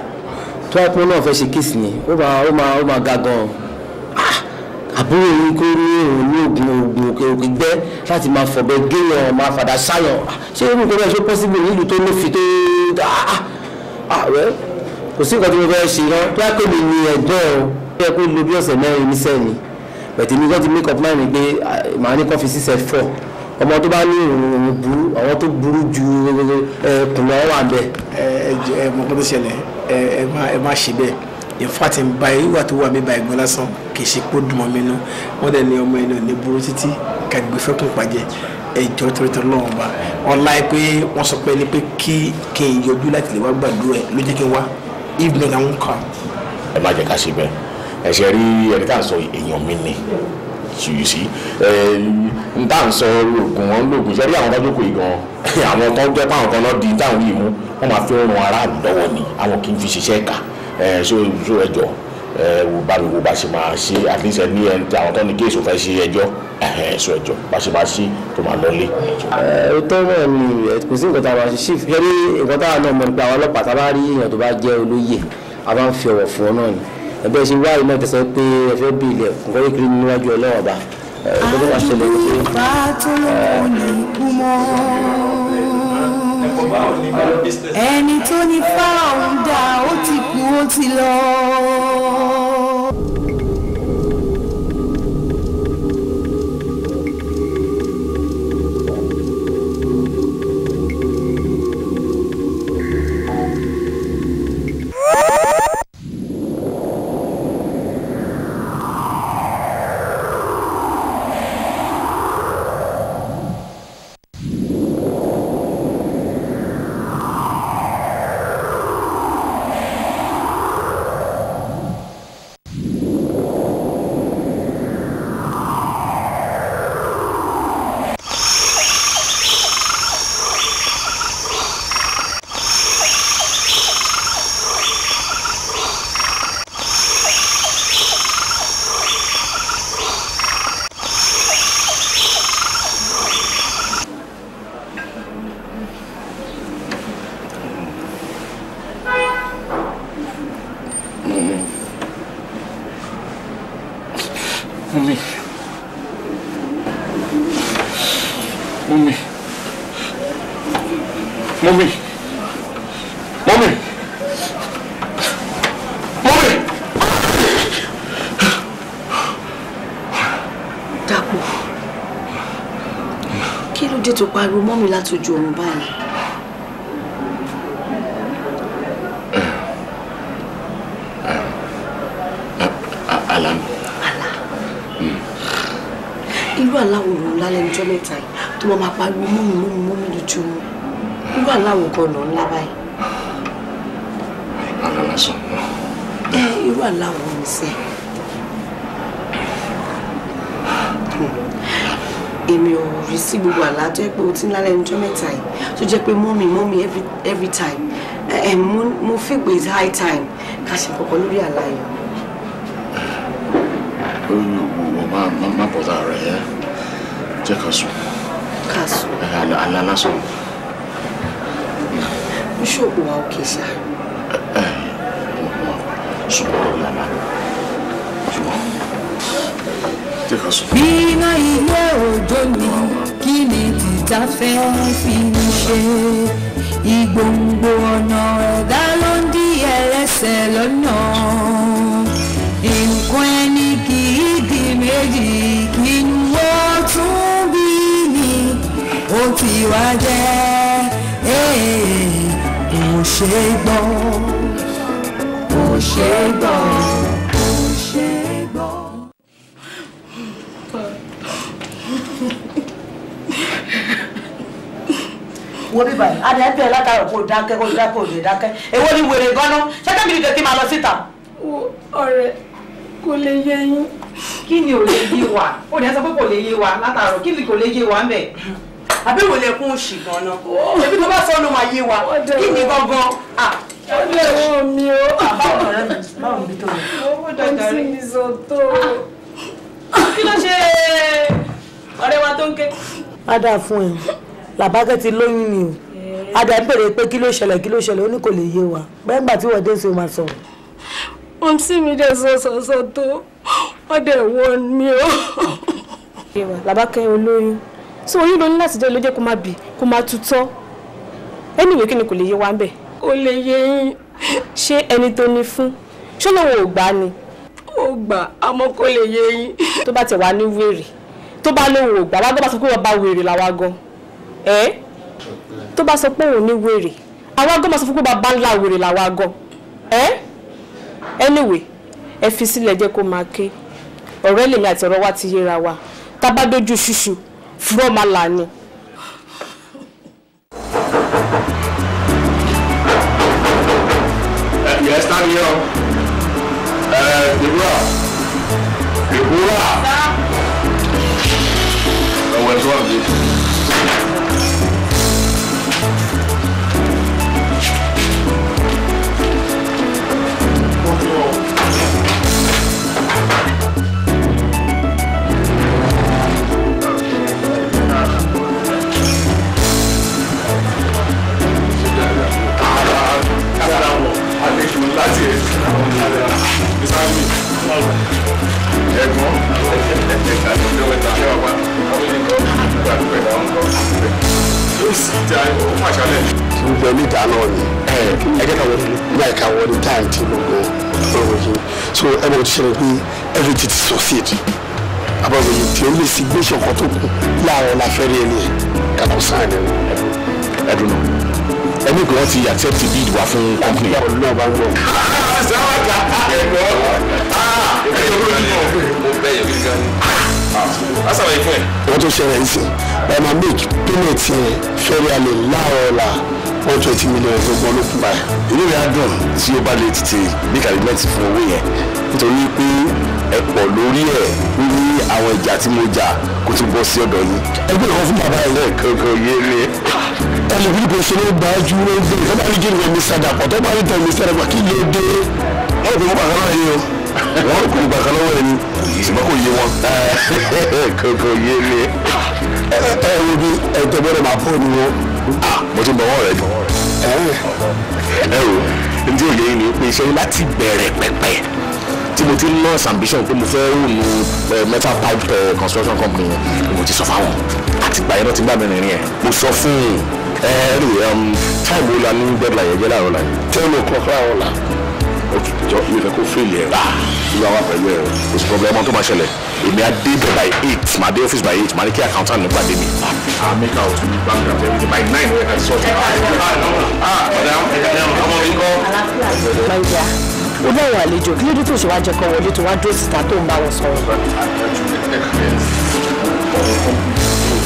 tó wá pé wọn náà fẹ́ ṣe kéèsì ni ó máa ó máa ó máa ga gan-an ah! àbúrò yìí kó ní òun ní oògùn oògùn òkè òkè gbẹ́ láti máa fọ̀bẹ géèyàn máa fàdà sáyàn ah! ṣé irú nǹkan bẹ́ẹ̀ ṣe pọ́sibú nílùú tó lófi tó ààrẹ ah! kò sí nǹkan tí mo fẹ́ ṣe náà tó wá pé mi ní ẹ̀gbọ́n o ó yẹ kó lo bí ọ̀sẹ̀ mẹ́rin ní sẹ́yìn bẹ̀tẹ̀ mi gbọ́dọ̀ make up mind mi pé màá ní kọ́fí sísẹ́ four ọmọ tó bá ní ìròyìn burú àwọn tó burú ju kùnà wà bẹ́ẹ̀. ẹ ẹ mọ kó tó ṣẹlẹ̀ ẹ ẹ má ẹ má ṣe bẹ́ẹ̀ ìfàtí ba yìí wà tó wà mí ba ìgbọ́n lásán kì í ṣe kó dùnmọ́ mi nú wọ́n dẹ̀ ní ọmọ ẹni òní burú títí kàgbé fẹ́kùn pàjẹ́ ẹjọ́ torítọ́ lọ́wọ́n ba ọ̀la pé wọ́n sọ pé ni pé kí kí n yọjú láti lè wá gbàdúrà ẹ̀ ló jẹ́ kí n wá if not ẹ má jẹ́ ká ṣe bẹ́ẹ̀ ẹ ṣe rí ẹni tá à sọ èèyàn mi ni you see n tá à sọ oògùn wọn lóògùn ṣẹ́rí àwọn tọ́jú kò *clears throat* àwọn tó jẹ́ pé àwọn kan náà di táwọn yìí mú wọ́n máa fi rún aráàlú lọ́wọ́ ni àwọn kì í fi ṣiṣẹ́ kà so so ẹjọ́ wo bá mi wo bá ṣe máa ṣe at least ẹni ẹni tí àwọn tó ní kéèsì fẹ́ ṣe ẹjọ́ so ẹjọ́ bá ṣe máa ṣe tó máa lọlé. ó tọ́ bẹ́ẹ̀ ni kò sí nǹkan tá a máa ṣe ṣì ṣe rí nǹkan táwọn náà mọ̀ nípa àwọn ọlọ́pàá tá a bá rí èèyàn tó bá jẹ́ olóyè a bá ń fi ọ̀wọ̀ fún ọ náà ni ẹgbẹ́ ṣe wá iná tẹ̀sán pé ẹ bí ilẹ̀ nǹkan kékeré níwájú ọlọ́run ọba ẹgbẹ́ wa ṣẹlẹ̀ ní pé. ẹni tó ní fáwọn dá ó ti kú ó ti lọ. tó pariwo mọ́ mi látojú ọ̀run báyìí. àlàmì. àlà irú aláwọ̀ ló ń lálẹ́ níjọ́ mẹ́ta yìí tó máa máa pariwo mọ́ mi mọ́ mi mọ́ mi lójú wọn irú aláwọ̀ kan lọ ńlá báyìí. àlà lásán. ẹ irú aláwọ̀ mi sẹ́yìn. èmi ò rí sí gbogbo àlá tó yẹ pé o ti ń lálẹ́ ẹnjọ́ mẹ́ta yìí tó jẹ́ pé mọ́mì mọ́mì every time mo fi pé it's high time ká ṣe kọ̀kọ́ lórí àlá yìí. wọ́n má bọ̀dá rẹ̀ ẹ́ jẹ́ ká sùn. ká sùn. àlá lásán. ó ṣòwò wa òkè ṣá. ẹ ẹ ṣùgbọ́n. iná ilé òjò ni kí ni tìta fẹ́ fi ń ṣe ìgbòǹgbò ọ̀nà ẹ̀dá ló ń dí ẹlẹ́sẹ̀ lọ́nà nǹkan ẹni kì í di méjì kí n wọ́n tún bí ni ó ti wá jẹ́ kò ṣeé gbọ́ kò ṣeé gbọ́. wo bí báyìí adé bẹ́ẹ̀ látara kó dákẹ́ kó dákẹ́ kó dákẹ́ èwo ni wèrè gan-an ṣẹ́tẹ́ mi ni tètè máa lọ síta. ọ̀rẹ́ kò lè yé yín. kí ni ò lè yé wa ó ní ẹ sọ pé kò lè yé wa látàrọ kí ni kò lè yé wa ń bẹ̀ àbí wò lè kún òṣì gan-an èmi tó bá sọ ọ́ máa yé wa kí ni gangan. ọ̀dọ̀ ẹ̀wọ̀n mi o. báwo ọ̀rẹ́ ah. kí ló ṣe ọ̀rẹ́ wa tó ń ké. má fún ẹ làbákẹ́ ti lóyún ni o eh. adà ń bèrè pé kí ló ṣẹlẹ̀ kí ló ṣẹlẹ̀ ó ní kò lè yé wa bẹ́ẹ̀ gbà tí wọ́n dé sí o máa sọ̀rọ̀. wọ́n sì mí dẹ̀ sọ sọ̀sọ̀ tó wọ́n dẹ̀ wọ́n mi o. làbákẹ́ olóyún tí oyún ló ní láti jẹ́ lójẹ́ kó má bì kó má tutọ́ anyway kí ni kò lè yé wa ń bẹ̀. ó lè yé yín ṣé ẹni tó ní fún ṣé lóun ò gbá ni. ó gbà àmọ́ kò lè yé yín. tó bá tẹ̀ wá ní wèrè tó bá lóun ò gbà wá gbọ́ bá sọ pé wọ́n bá wèrè làwa gan-an ẹ tó bá sọ pé òun ní wèrè àwa gan máa sọ fún pé bàbá ńlá wèrè làwa gan ẹ anyway ẹ fi sílẹ̀ jẹ́ kó máa ké ọ̀rẹ́ lèmi àti ọ̀rọ̀ wa ti yéra wa tá a bá dójú ṣíṣù fúrọ́ máa là ni. yes, I'm here. Uh, Deborah. Deborah. Sir. Oh, what's wrong with you? ẹ̀gbọ́n ẹ̀ka ní ọjọ́ mẹ́ta ní ọgbà gbàgbé ọ̀nkọ́ yóò sì jà ó pàṣálẹ̀. gbogbo oníta náà ni ẹgbẹ́ náà wọlé láì so ẹni o everything succeed abọ́dọ̀yìn tí ó lè sí gbé ṣọ̀kan tó kù la fẹ́ rí ẹni ẹ̀ kakọ̀ sáà ni ẹ̀dùn náà ẹni pé wọ́n ti accept bid wá fún company. sáwọ́dà ẹ̀gbọ́ ẹ̀yọ́ ló ní ọ̀gbìn mo bẹ̀ yẹ̀ kíkan. asàlàyé fún ẹ. wọ́n tún ṣẹlẹ̀ ń sìn ẹ̀ máa make payment yẹn fẹ́rẹ́ alẹ́ láàárọ̀ ọ̀la one twenty million gbogbo ló kú báyìí. inú mi á dùn tí ó bá lè tètè make arrangement fún owó yẹn nítorí pé ẹ pọ̀ lórí ẹ̀ ní àwọn ìjà tí mo jà kó tó bọ́ sí ọ̀dọ̀ yìí. ẹgbẹ́ ìwọ fún bàbá ẹ̀ lẹ́ẹ̀kan kan yé mi alùpùpù kò ṣe ló gba ju ló ń gbé nǹkan bá rí jìnnà mr dapò tó bá rí tẹ mr dapò kí ló dé wọn kò gbà kan lọ́wọ́ yẹn o wọn kò gbà kan lọ́wọ́ yẹn ni ṣùgbọ́n kò yé wọn. kókó yé mi. ẹ ẹ wo bí ẹ tẹ bẹ̀rẹ̀ máa fọ ni wọn. Ah, mo ti bọ̀wọ̀ rẹ bọ̀wọ̀ rẹ. ẹ wo ndí òye yìí ni pé iṣẹ́ láti bẹ̀rẹ̀ pẹ̀pẹ̀ tí mo ti ń nurse ambition pé mo fẹ́ rúnu metal pipe construction company mo ti sọ fáwọn àtìgbà yẹn náà ti gbà mí rìnrìn ẹ̀ mo sọ fún un anyway um, time wo la ní deadline yẹn jẹ́ láàárọ̀ la yìí. ten o'clock láàárọ̀ la ok jọ mi fẹ́ kó fèlè ẹ̀ rà ìlú àwọn pẹ̀lú ẹ̀ kò sí problem ọmọ tó máa ṣẹlẹ̀ èmi á dé bẹ̀ by eight màá dé office by eight màá ní kí accountant ní pàdé mi. i ah, ah, make out with bank and everything by nine wey i sort it. ah madam ọmọ mi kọ́. àlàáfíà ó bá wọn àlejò kí lóde tó ṣe wá jẹ kọ wọlé tó wá dúró síta tó ń bá wọn sọ̀rọ̀.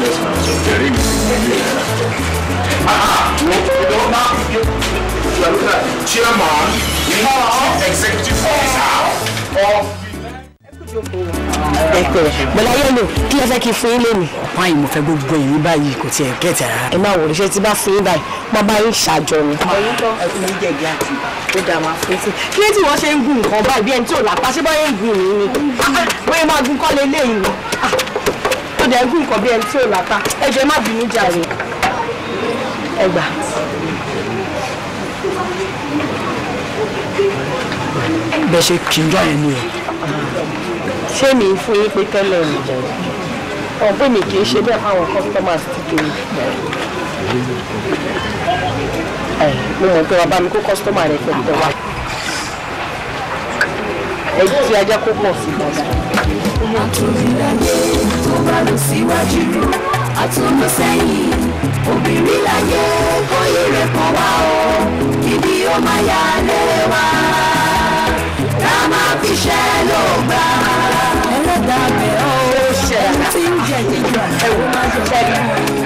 business Ah, no, you don't now. You, you are looking chairman, the chief executive of. ẹ pẹ bọlá yóò lò kí ẹ fẹ́ kí fún yín lónìí. ọ̀pá yìí mo fẹ́ gbogbo yìí báyìí kò tiẹ̀ kẹta. ẹ máa wò iṣẹ́ tí bá fún yín báyìí wọ́n bá yín ṣàjọ ni. ọ̀yìn lọ ẹ̀sìn ní jẹ̀bi àti ó dà máa fún sí. kí ni tí wọ́n ṣe ń gun nǹkan báyìí bí ẹni tí ò lápá ṣé báyìí ń gun nìyí ni. bóyá máa gun kọ́lé léyìn lọ dẹ̀ ń gún nǹkan bí ẹni tí ò lápá ẹ jẹ́ má bínú jàre ẹ gbà. bẹ́ẹ̀ ṣe kì í jọ yẹn ni o. ṣé mi ń fún yín pé tẹ́lẹ̀ ni ọ̀pẹ́ mi kì í ṣe bẹ́ẹ̀ fáwọn customers ti kiri. mo mọ̀ pé bàbá mi kó customer rẹ̀ pẹ̀lú tẹ̀wá ẹ ti ajá kó pọ̀ sí i bá lọ síwájú àtúntò sẹ́yìn obìnrin láyé oyè rẹ̀ kàn wá o ibi ó máa yà lẹ́rẹ̀ wá ká máa fi ṣẹ́ ló gbà. ẹlẹ́dàá mi ò ṣẹ̀ tí ń jẹ jíjọ ẹ̀wọ̀n máa ń jẹ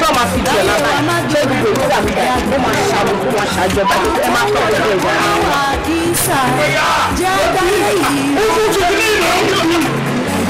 tó máa fi jẹ gbogbo ìlú wà nígbà ó máa ṣàwọn kó máa ṣàjọba ẹ máa tọ́ ọjọ́ ìjà. àwọn àdìsá jẹ́ dáhìí. ó tún ti ní ìlú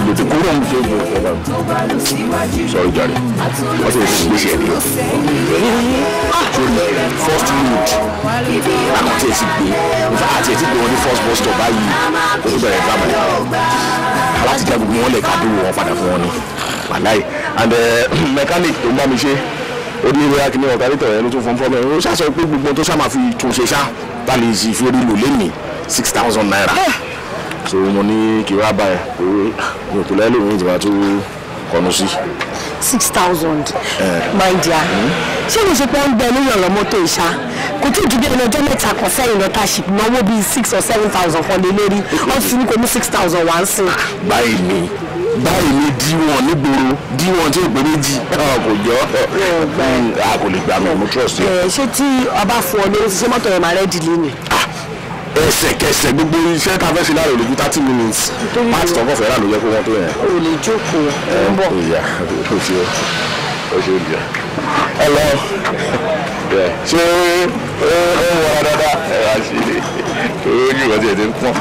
ìgbètè kúrò ń fi ìgbè ìfẹ́ báyìí sọ wọ́n sì fi gbèsè ẹ̀dí lọ. sórí first road àwọn àti ẹ̀sìn gbé nípa àti ẹ̀sìn gbé wọn ní first bus stop báyìí kò tó bẹ̀rẹ̀ drama yẹn aláti já gbogbo wọn lẹ̀ ká dúró wọn padà fún wọn ni wàláì and eh, *clears throat* mechanic tó ń bá mi ṣe ó ní bóyá kí ni ọ̀gá lítọ̀ ẹni tó fọ́n fọ́ mẹ́rin ó ṣàṣọ pé gbogbo tó ṣàmà fi tún ṣe ṣá balẹ̀ ìsì fi lò lé six thousand naira. Ah! so mo ní kí wá báyà pé mi ò tó lẹ́lò mi ìdìbò àti kọnu sí. six thousand eh. my dear ṣé mo ṣe pé ń bẹ lórí ọ̀rọ̀ mọ́tò ìṣá kò tí ì dìde ẹni ọjọ́ mẹ́ta kan sẹ́yìn lọ́tà ṣì náwó bíi six or seven thousand kan lé lórí ọ̀sì ní kò mú six thousand wá ń sìn. Ah, báyìí ni báyìí ni d one nígboro d one tí ò pé méjì *laughs* ah, kò jọ hmm, a kò lè gbà mí mo trust you. Eh, ṣé tí ọba fún ọ lórí ṣé mọ́tò rẹ̀ máa rẹ́ dìlé ni. ah ẹsẹ̀kẹsẹ̀ gbogbo iṣẹ́ tá a fẹ́ ṣe láàrin olójú thirty minutes pàtì tó kọfẹ́ rà ló kó tó yẹn. o lè jókòó ń bọ̀. ìyá o ṣe o ṣe oúnjẹ. ẹ lọ ṣé ó ń wọra dáadáa ẹ wá sí ilé ó ní ìwádìí ti ń pọ̀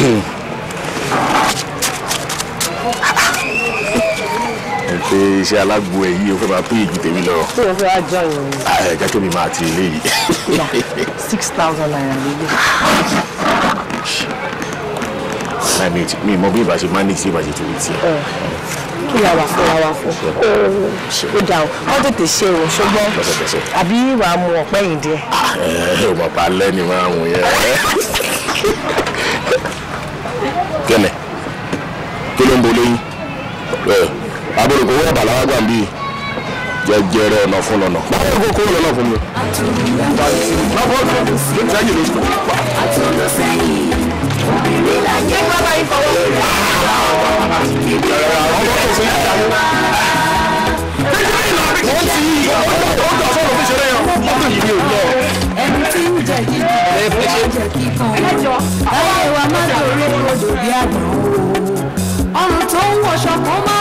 Hmm. pé iṣẹ́ alágbo ẹ̀ yìí o fẹ́ máa pé ìjù tèmi lọ. tí o fẹ́ wá jọ ìròyìn. Ah, ẹ jẹ́ kémi máa ti ilé yìí. six thousand naira lélẹ̀. manage ah, mi mọ bí ìbáṣe manage ìbáṣe torí tiẹ̀. kí la wà fún la wà fún ó dà o wọ́n tètè ṣe o ṣùgbọ́n àbí wàá mu ọ̀pẹ yìí díẹ̀. Ah, ẹ ò mọ̀ pa lẹ́ni máa ń wù yẹn. kẹ́lẹ̀ kí ló ń bo lóyún abolokò wọ́n bàlá wá gbàǹbì jẹjẹrẹ ọ̀nà fún lọ́nà. báwo ló kó lọ́nà fún mi. bàbá ìfọwọ́ rẹ̀. ìbẹ̀rẹ̀ àwọn ọmọ tó ṣe tó ń wọṣọ kan má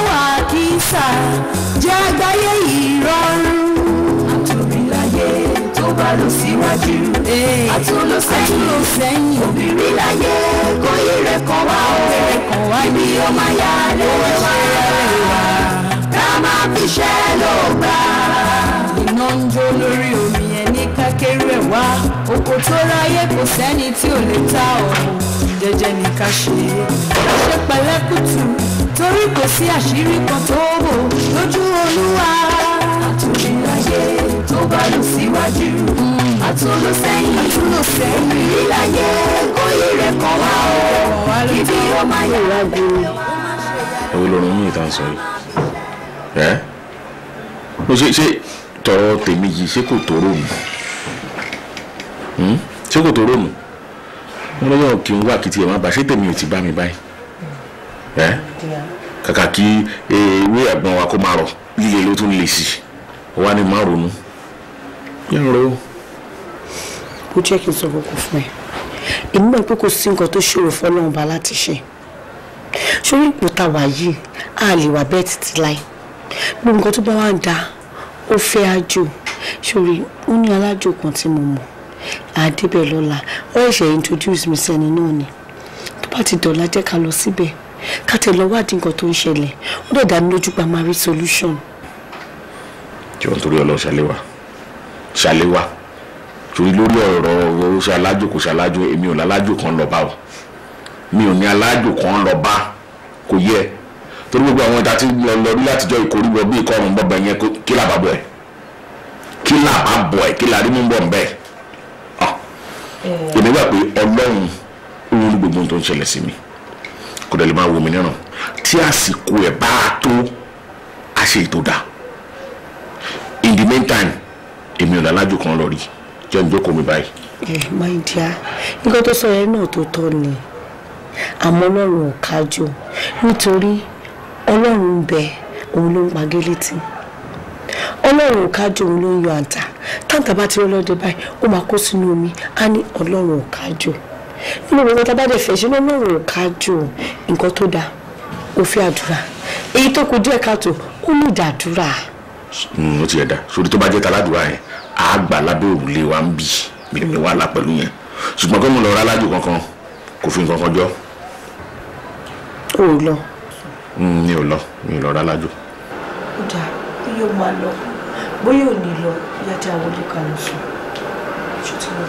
Eh. lọ síwájú àtún lọ sẹ́yìn obìnrin láyé kó ire kan wá o ibi ó máa yá lẹ́wẹ̀ wá ká máa fi ṣẹ́ ló gbà. iná ń jó lórí omi ẹ̀ ní kákéré wá oko tó ráyè kò sẹ́ni tí ò lè ta ọ̀hún jẹ́jẹ́ ní ká ṣe é ká ṣe pẹ̀lẹ́kùtù torí kò sí àṣírí kan tó wò lójú olúwa àtúnṣe láyé bá lù síwájú àtúlù sẹ́yìn àtúlù sẹ́yìn ìlàyé kóyè rẹ̀ kàn o ibi ó máa yàrá gbé. ewu lorun mi ìta sọ yìí ẹ mo ṣe ṣe tọrọ tèmi yìí ṣé kò tó ròmù hmm? ṣé kò tó ròmù mo lọ́yọ̀ kí n wá kí tiẹ̀ má bá ṣé tèmi ò ti bá mi báyìí ẹ kàkà kí ewé ẹ̀gbọ́n wa kó máa rọ̀ líle ló tún lè sí i wá má ronú yàrá o. mo jẹ́ kí n sọ kókó fún ẹ èmi mọ̀ pé kò sí nǹkan tó ṣòro fọlọ́run bá láti ṣe sórí ipò tá a wà yìí a lè wà bẹ́ẹ̀ títí láì gbogbo nǹkan tó bá wà ń da ó fẹ́ àjò sórí ó ní alájò kan tí mo mọ̀ àdébẹ̀ lọ́la ó ẹ̀ṣẹ̀ introduce mi sẹ́ni náà ni tó bá ti dọ̀la jẹ́ ká lọ síbẹ̀ ká tẹ̀ lọ wádìí nǹkan tó ń ṣẹlẹ̀ ó dẹ̀ dá mi lójú pa máa solution. jọ̀wọ́ nítorí ọlọ́ṣà lè ṣàléwá torí lórí ọ̀rọ̀ owó ṣalájò kò ṣalájò èmi ò lálájò kan lọ bá o mi ò ní alájò kan lọ bá kò yẹ torí gbogbo àwọn ìta tí ń lọ lọ rí látijọ́ ìkórí bọ bí ikọ̀ ọ̀run bọ̀ bẹ̀yẹn kí làbá bọ̀ ẹ̀ kí làbá bọ̀ ẹ̀ kí làrí mú bọ̀ ń bẹ̀ ah! èmi gbà pé ọlọ́run ó ń gbogbo ohun tó ń ṣẹlẹ̀ sí mi kò dẹ̀ lè máa wò mí níràn tí àsìkò ẹ̀ bá tó a ṣe ètò dá in the meantime èmi ò lálájò kan lọ rí jẹ́ ìjókòó mi báyìí. ẹ my dear nǹkan tó sọ yẹn náà tó tọ́ ni àmọ́ ọlọ́run ò kájò nítorí ọlọ́run ń bẹ òun ló ń pagé létí ọlọ́run ò kájò òun ló ń yọ àǹtà táǹtà bá ti rí ọlọ́dẹ báyìí ó máa kó sínú omi á ní ọlọ́run ò kájò nínú ìwé tá bá dẹ̀ fẹ́ ṣe lọ́lọ́run ò kájò nǹkan tó dáa òfin àdúrà èyí tó kù díẹ̀ káàtó ó ní ìdàdúrà ó ti ẹ̀ dá sórí tó bá jẹ́ taládùúrà yẹn á gbà lábẹ́ òrùlé wa ń bì mímí wà lá pẹ̀lú yẹn ṣùgbọ́n kọ́ mo lọ ra alájò kankan kò fi nǹkan kan jọ. o ò lọ. Hmm, mi ò lọ mi ò lọ ra alájò. ó dáa bí yóò máa lọ bóyá ò ní lọ yájà wọlé kan lọ sùn ṣùtì lọ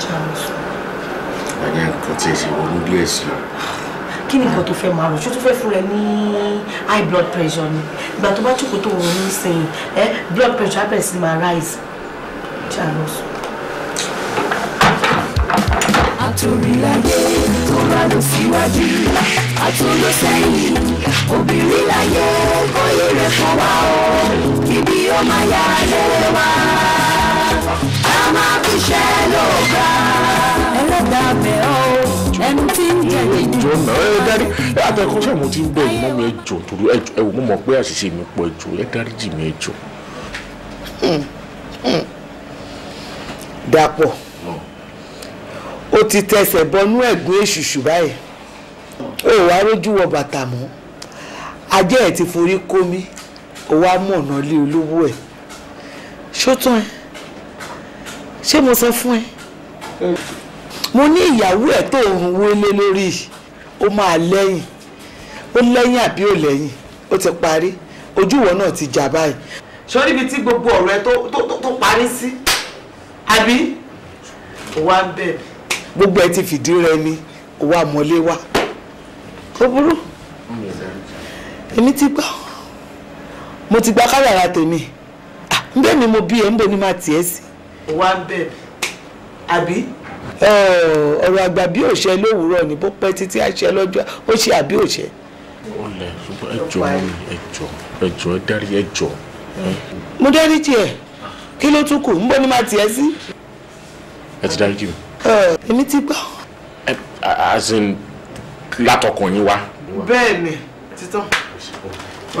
jà lọ sùn. ẹ̀yẹ́ tí ẹ ṣe wọlé díẹ̀ sí i kí ni nǹkan tó fẹ́ máa rò ṣó tó fẹ́ fún rẹ ní high blood pressure ni ìgbà tó bá jókòó tó ronú sẹ́yìn ẹ blood pressure á sí máa rise ṣá lọ sùn. àtòrìláyé tó bá lọ síwájú àtòlọ sẹ́yìn obìnrin láyé bóyá rẹ̀ fọ́ wá o ibi ó máa yá lẹ́rẹ̀ wá a máa fi ṣẹ́ lóògbà ẹlẹ́dàá bẹ̀ ọ́ ẹni tí ẹjọ́ náà ẹ dárí ẹ àtẹkọ́ sẹ́mu ti ń bẹ̀ yìí mọ́ mi ẹjọ́ torí ẹ wò mo mọ̀ pé àṣìṣe mi pọ̀ ẹjọ́ ẹ dárí jì mí ẹjọ́. Hmm, hmm. Dàpọ̀ ó ti tẹsẹ̀ bọnú ẹ̀gún èṣùṣù báyìí ó wá rójú wọ bàtà mọ́ ajé ẹ̀ ti forí kómi ó wá mọ̀nà lé olówó ẹ̀ ṣó tán ẹ ṣé mo sọ fún ẹ mo ní ìyàwó ẹ̀ tó ń wọlé lórí ó máa lẹ́yìn ó lẹ́yìn àbí ò lẹ́yìn ó ti parí ojú ìwọ náà ti jà báyìí. sọ́rí ibi tí gbogbo ọ̀rọ̀ ẹ tó parí sí àbí ó wá ń gbogbo ẹ ti fìdí rẹ ni ó wá mọ́lé wá ó burú èmi ti gbà mo ti gba kádàrá tèmi nbẹ ni mo bí ẹ nbẹ ni máa tiẹ sí. ó wá ń àbí. Eh, ọ̀rọ̀ àgbà bí òṣè lówùúrọ̀ ni bó pẹ́ títí àṣẹ lọ́jọ́ ó ṣe àbí òṣè. ọlẹ ṣùgbọ́n ẹjọ́ ẹjọ́ ẹjọ́ dárí ẹjọ́. mo dárí tiẹ̀ kí ló tún kù nbọ ni máa tiẹ̀ sí. ẹ ti dárí jù. Eh, èmi ti gbọ́. ẹ as in látọkàn yín wá. bẹ́ẹ̀ ni títàn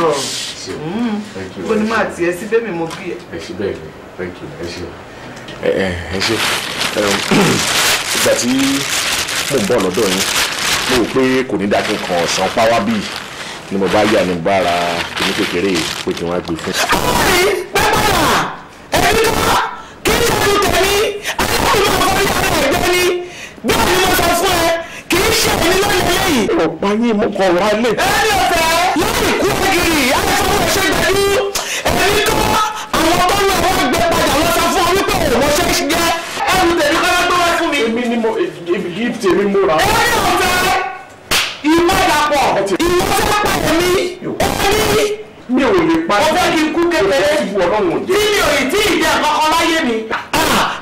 oh. hmm. bó ni máa tiẹ̀ sí bẹ́ẹ̀ mo bí ẹ. ẹ ṣe bẹ́ẹ̀ ni ẹ ṣe ìgbà tí mò ń bọ̀ lọ́dọ̀ yín mo rò pé kò ní dákin kan san páwá bíi ni mo bá yà ní mo bá ra kíní kékeré pé kí wọ́n gbé fún. ẹ̀mí kọ́ kí n ṣe tèmi àdúgbò mi ò bá yàrá ẹ̀gbẹ́ ni bẹ́ẹ̀ ni mo sọ fún ẹ kì í ṣe èmi lónìí lẹ́yìn. ọ̀pá yín mo kọ̀ wá lè. ẹni ọ̀fẹ́ lórí ìkú ọ̀gìrì àti ọmọ ìṣègbè yìí. gift èmi mo rà. ẹ ní ọ̀tá ìwọ dàpọ̀ ìwọ sábà mi ọ̀tá mi. mi ò lè pa ọ̀tá kí n kú kékeré tí mi ò ì tí ì jẹ́ kọ́kọ́ láyé mi.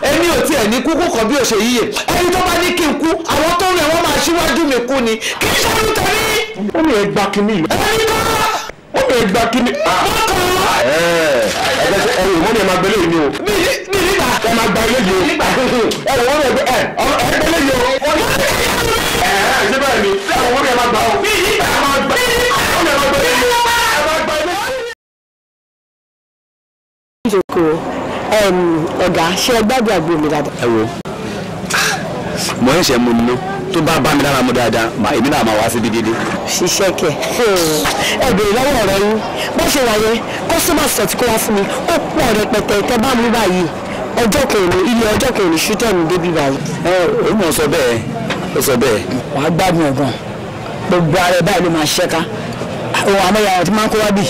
èmi ò tiẹ̀ ní kúkú kan bí o ṣe yíyẹ ẹni tó bá ní kí n kú àwọn tó rẹ̀ wọ́n máa ṣíwájú mi kú ni kì í ṣe ní tẹ̀lé. ó ní ẹgbà kínní ìlú. ẹni tó ó ní ẹgbà kínní. ọkọ ẹ ẹ ẹ wò wọ́n ní ẹ máa gbẹ́lẹ́ yìí ni o. mi nígbà ẹ máa gba ilé yìí o. ẹ wò wọ́n ní ẹ ọ̀gá ṣe ẹ gbádùn àgbo mi dáadáa. ẹ wo mo ń ṣe mu nínú tó bá bá mi lára mu dáadáa mà èmi náà máa wá síbi dídí. ṣiṣẹ́ kẹ̀ ẹ bèrè lọ́wọ́ ọ̀rọ̀ yín bó ṣe wà yẹn kọ́sọ́mà sọ̀tì kó wá fún mi ó pọ̀ rẹpẹtẹ tẹ́ bá mú báyìí ọjọ́ kẹrin ilé ọjọ́ kẹrin ṣútọ́ ní débi báyìí. ẹ ò mọ̀ sọ bẹ́ẹ̀ ó sọ bẹ́ẹ̀. wà á gbádùn ọ̀gàn gbogbo ara ẹ báyìí ló máa ṣẹ́ka òun àmọ́ yàrá tí máa ń kó wá bì.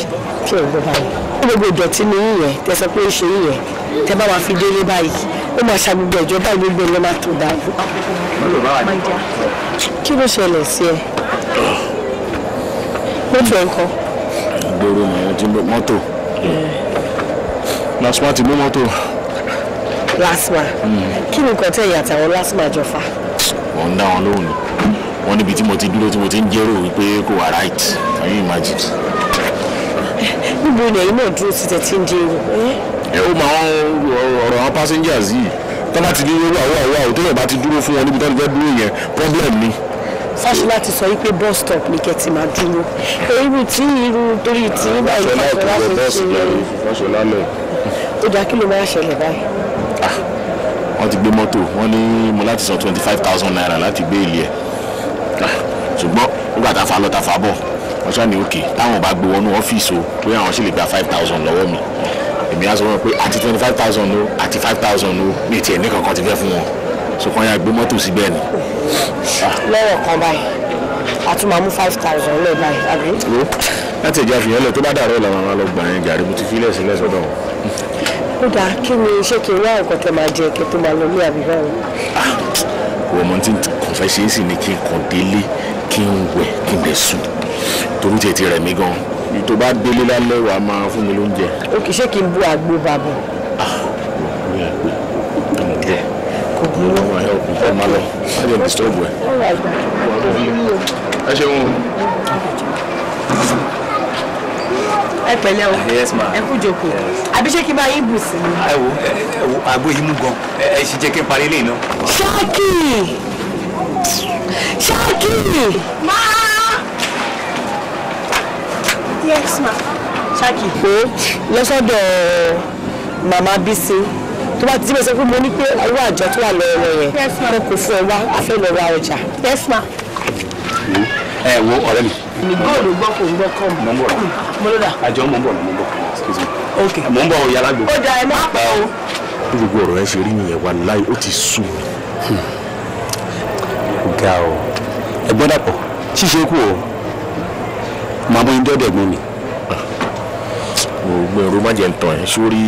gbogbo ìdọ̀tí ni tẹ bá wa fi délé báyìí ó máa ṣa gbogbo ẹjọ́ báyìí gbogbo ẹ lọ máa tó dáàbò. kí ló ṣẹlẹ̀ sí ẹ mọ́tò ẹ̀ ń kọ́. ìgboro nìyẹn ti ń bọ mọ́tò hmm. lasma ti mú mọ́tò. lasma hmm. kí ni nǹkan tẹ ìyá àtàwọn lasma jọ fà. wọ́n ń dá wọn lóhùn ni wọ́n níbi tí mo ti dúró tí mo ti ń jẹ́rò wípé kò wá right can you imagine. níbo ni ẹ̀yin náà dúró sí tẹ̀ tí ń jẹ́rò. Eh? ó mọ àwọn ọ̀rọ̀ àwọn passengers yìí tó bá ti ní wíwá wíwá wíwá ò tó yẹ̀ bá ti dúró fún wọn níbi tó ń fẹ́ dúró yẹn problem ni. fáṣọ láti sọ wípé bus stop ni kẹtì máa dúró irú tí irú torí tí nígbà yìí fáṣọ láti ṣe fáṣọ lálẹ́. ó dá kí ló máa ṣẹlẹ̀ báyìí. Ah, wọ́n ti gbé mọ́tò wọ́n ní mo láti sọ twenty five thousand naira láti gbé ilé ẹ̀ ah, ṣùgbọ́n nígbà tá a fa lọ tá a fa bọ̀ wọ́n ṣáà ní òkè táwọn ò bá gbé wọnú ọ́fíìsì o torí àwọn ṣì lè gba five thousand lọ́wọ́ mi èmi á sọ wọn pé àti twenty five thousand o àti five thousand o mi tiẹ̀ ní kankan ti fẹ́ fún wọn so kàn yà gbé mọ́tò síbẹ̀ ni. Ah. lọ́rọ̀ kan báyìí a tún máa mú five thousand lẹ́ẹ̀ báyìí àbí. láti ìjà fìyàn lẹ tó bá dàrọ làwọn máa lọ gbà yẹn gàrí mo ti fi ilẹ̀ sílẹ̀ sọ́dọ̀ wọn. ó dáa kí ni ṣé kí n wá nǹkan tó máa jẹ kí tó máa lọ ní àbí báyìí. Ah, wọ́n mọ̀ tí kò fẹ́ ṣe é sì ni kí n kàn délé kí n wẹ̀ kí n lè sùn torí tètè rẹ̀ mí gan-an tó bá délé lálẹ́ wà á máa fún mi lóúnjẹ. ó kì í ṣe kí n bu àgbo bàbọ̀. Ah, kò burú ọmọ ẹ ọkùnrin fún ọmọ lọ má jẹ disturb ẹ. ẹ ṣeun. ẹ pẹ̀lẹ́ o ẹ kú jókòó àbí ṣé kí n bá yín bù sí i. ẹ wo ẹ wo àgbo yìí mú gan ẹ sì jẹ́ kí n parí lè ná. ṣáàkì ṣáàkì máa yes ma. ṣáàkì pé lọ́sọ̀dọ̀ màmá Bísí tó bá ti dí mẹ́sàn-án pé mo ní pé irú àjọ tó wà lọ́wọ́ yẹn mo kò fún ẹ wá afẹ́ lọ ra ọjà. yes ma. ẹ wo ọ̀rẹ́ mi. mi góòlù gbọ́ kò ń gbọ́ kọ́ mi. mo ń bọ̀ hmm, mo ló dà. àjọ mo ń bọ̀ mo ń bọ̀ ok mo ń bọ̀ òyà lágbo. ó da ẹ má pẹ́ o. bí gbogbo ọ̀rọ̀ ẹ ṣe rí nìyẹn wà láì ó ti sú mi. Hmm. ga o ẹgbọ́n dàpọ̀ ṣíṣe kù o màá bọ́ idọ́ dẹ̀gbọ́n mi. gbogbo èrò má jẹ́ ń tàn ẹ́ sórí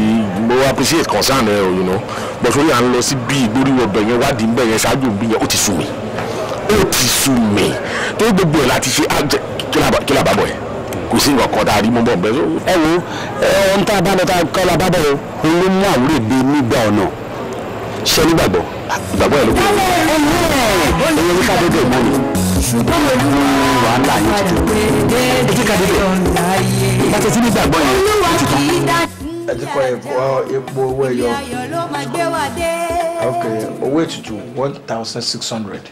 mo appreciate concern ẹ o you know but sórí à ń lọ sí bí ìgbóríwọ̀ bẹ̀ yẹn wádìí ń bẹ̀ yẹn ṣáájú òbí yẹn ó ti sú mi ó ti sú mi tó gbogbo ẹ̀ láti ṣe kí làbá bọ̀ ẹ̀ kò sí nǹkan kan tá a rí mọ́ bọ̀ bẹ́ẹ̀ sọ. ẹ wo ohun tá a bá lọ tá a kọ́ la bá bọ̀ o òun ló mú àwúrò ìgbé nígbà ọ̀nà ṣẹ́ nígbàgbọ́ ìgbàgbọ́ ẹ̀ ló kọ́ ẹ̀yẹ́ ní ká dédé mọ́ ni ṣùgbọ́n wàhálà yìí ti dùn ẹ jẹ́ ká débẹ̀ bá tẹ̀sí nígbàgbọ́ yẹn ó ti tán. ẹ ti kọ epo owó ẹyọ ok owó ètùtù one thousand six hundred.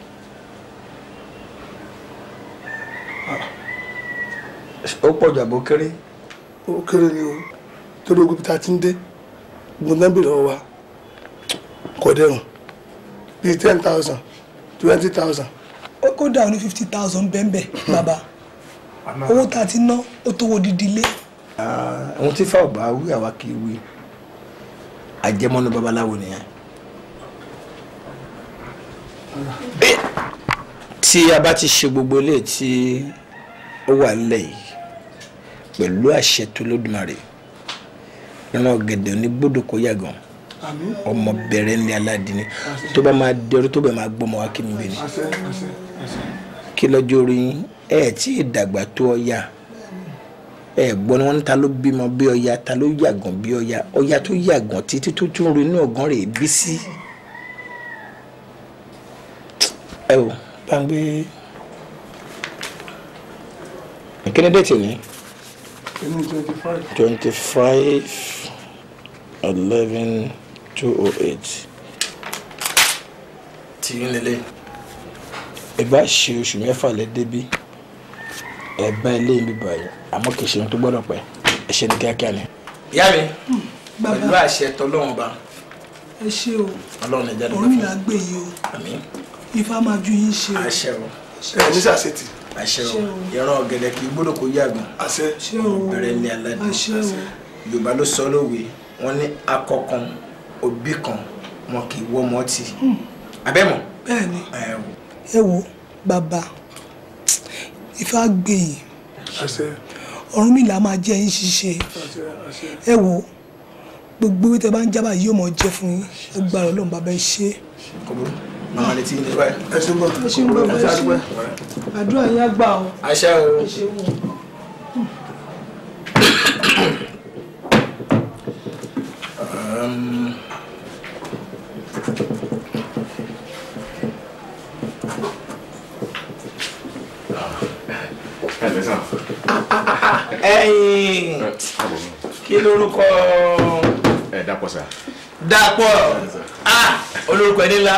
ó pọ̀ jù àbò kéré. ó kéré ni o torí ogun peter ti ń dé gbọ́n náà bèrè wa kò dẹrùn bíi ten thousand twenty thousand pé kódà ó ní fifty thousand bẹ́ẹ̀nbẹ́ẹ̀ bàbá owó tá a ti ná ó tó wo dídí ilé. àwọn ah, tí fáwọn bá wí àwa kì í wí àjẹmọ́nú babaláwo nìyẹn tí a bá ti ṣe gbogbo ilé tí ó wà nílẹ̀ yìí pẹ̀lú àṣẹ tó lódùmarè ìran ọ̀gẹ̀dẹ̀ onígbódò kó yàgàn ọmọ bẹ̀rẹ̀ ní aládìní tó bá máa dẹrú tó bá máa gbọ́mọ wá kí mi bẹ ni kí lọ́jọ́ orí yín ẹ tí ì dàgbà tó ọya ẹ gbọ́ ni wọ́n ní ta ló bímọ bí ọya ta ló yàgàn bí ọya ọya tó yàgàn títí tó tún ro inú ọ̀gán rẹ̀ bí sí. ẹ o bá ń déètì ni. twenty five eleven two oh eight. tí ń lélẹ̀. ẹ bá ṣe oṣù mẹ́fà lẹ débí ẹ bá ilé mi báyìí àmọ́ kì í ṣe ohun tó gbọ́dọ̀ pẹ́ ẹ ṣe ní kíákíá ni. ìyá mi hmm, pẹ̀lú àṣẹ tọ́lọ́run ba. ẹ ṣe o ọlọ́run ẹ̀jẹ̀ lọ́fọ̀ orí la gbé yìí o ifá máa ju yín ṣe o. àṣẹ o ẹ ní sàṣetì àṣẹ o ìran ọ̀gẹ̀dẹ̀ kì í gbọ́dọ̀ kó yàgùn àṣẹ o bẹ̀rẹ̀ ní aládùn àṣẹ o yorùbá ló sọ lówe wọn ní akọkan òbí kan wọn kì í wọ́ ọmọ tì hmm. abẹ́mọ̀. bẹ́ẹ̀ni ẹ wo bàbá ifá gbé yìí ọ̀run mi là máa jẹ́ yín ṣiṣẹ́ ẹ wo gbogbo wí tẹ bá ń jábà yóò mọ jẹ fún yín ó gbà ọ lóun bàbá ẹ ṣe. kòbóró màmá lè ti ń bá ẹ ṣe ń bọ̀ ẹ ṣe ń bọ̀ ẹ ṣe ń bọ̀ àdúrà yín á gbà ọ. àṣà o. *coughs* Um... kí ẹ dàpọ̀ sà. dàpọ̀ a olórúkọ ẹni ńlá.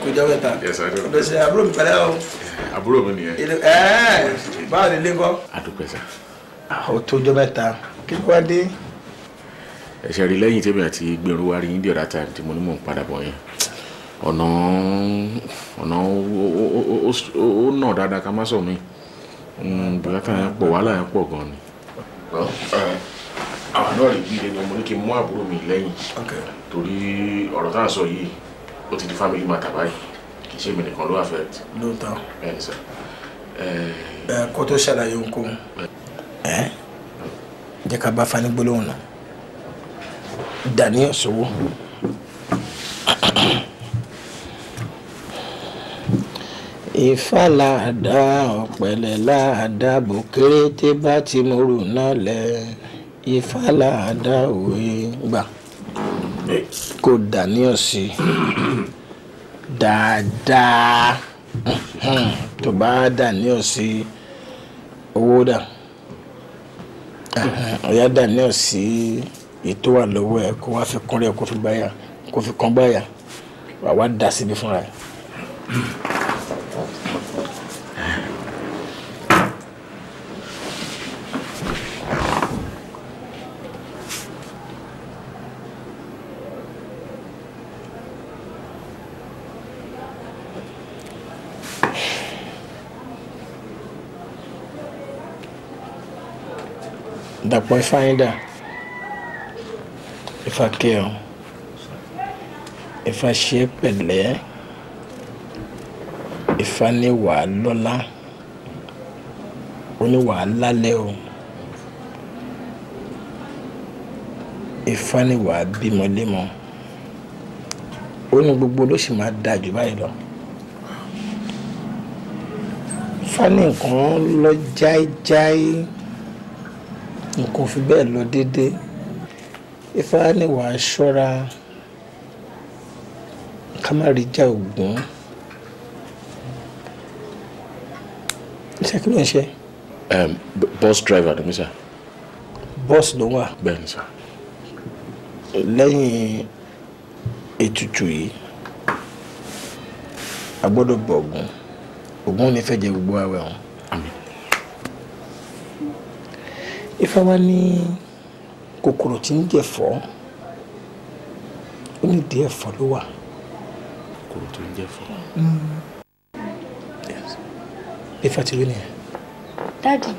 kò jẹ́ wẹ́ta lọ́sẹ̀ àbúrò mi pẹ̀lẹ́ o. àbúrò mi nìyẹn. báwo ni lẹ́kọ́. àdúpẹ́ sà. àwọn tó jọ mẹ́ta kí wá dé. ẹ rí lẹ́yìn tèmi àti gbèrú wa rí ní ìdíọ̀dá tá tí mo ní mò ń padà bọ̀ yẹn ọ̀nà ọ̀nà ó nà dáadáa ká má sọ mí hmm, bùkátà yẹn pọ̀ wàhálà yẹn pọ̀ gan ni well àwọn náà lè bí ẹni ọmọ ní kí n mú àbúrò mi lẹ́yìn torí ọ̀rọ̀ tá à ń sọ yìí ó ti di family matter báyìí kì í ṣe èmi nìkan ló affect. lóòótọ́ bẹ́ẹ̀ ni ẹ kó tó ṣàlàyé ohunkóhun ẹ jẹ́ ká bá fani gbólóhùn náà daniel sowo. Ifá láàdá ọ̀pẹ̀lẹ̀ láàdá bòkéré tẹ́ bá ti morù náà lẹ̀ Ifá láàdá òwe gbà kò dání ọ̀sì dáadáa tó bá dání ọ̀sì owó dà ọ̀yá dání ọ̀sì ètò wà lọ́wọ́ ẹ̀ kó wá fi kúnlẹ̀ kó fi kán gbáyà wà wá dà síbi fúnra ẹ̀. Dàpọ̀ Ifáyíndà Ifá kẹ́hìn Ifá ṣe pẹ̀lẹ́ Ifá ní wàá lọ́lá ó ní wàá lálẹ́ o Ifá ní wàá bímọ lémọ ó ní gbogbo ló sì máa dáa jù báyìí lọ Ifá ní nǹkan lọ jáíjáí. Jai, nǹkan fi bẹ́ẹ̀ lọ déédéé ifá ní wàá ṣọ́ra ká má rí já ògùn iṣẹ́ kí ló ń ṣe. bus driver ni mí bus ló wà. bẹ́ẹ̀ni sà. lẹ́yìn ètùtù yìí a gbọ́dọ̀ bọ Ògún Ògún ní fẹ́ jẹ gbogbo àwẹ̀ ọ̀hún. àmín ifá wa ní kòkòrò tí ń jẹ̀fọ́ ó ní ìdí ẹ̀fọ́ ló wà. kòkòrò tó ń jẹ̀fọ́. ifá ti rí nìyẹn. dádì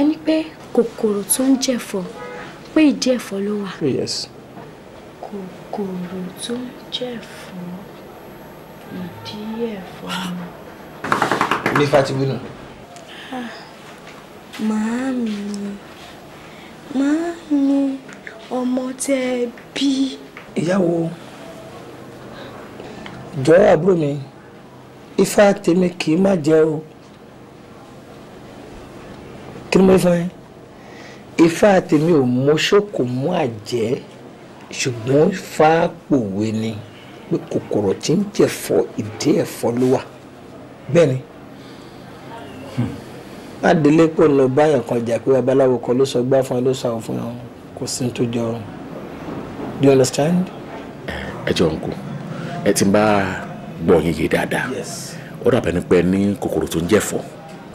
ẹni pé kòkòrò tó ń jẹ̀fọ́ pé ìdí ẹ̀fọ́ ló wà. yes. kòkòrò tó ń jẹ̀fọ́ ìdí ẹ̀fọ́ ló wà. ní ti wí nù. Ah. Mami, Mami, ọmọ tẹ bí. ìyàwó jọ̀ọ́ àbúrò mi ifá tèmi kì í má jẹ o kí ni mo fẹ́ ifá tèmi ò mọṣọ kò mú àjẹ́ ṣùgbọ́n ifá pòwe ni pé kòkòrò tí ń jẹ̀fọ́ ìdí ẹ̀fọ́ ló wà bẹ́ẹ̀ má délé kó lọ báyàn kan jà pé babaláwo kan ló sọ gbá fún ẹ ló sàwọ fún ẹ kò sí tó jọ do you understand. ẹ jọ ń kú ẹ ti ń bá gbọ́ yín yé dáadáa ó dàbẹ̀ ni pé ní kòkòrò tó ń jẹ̀fọ́.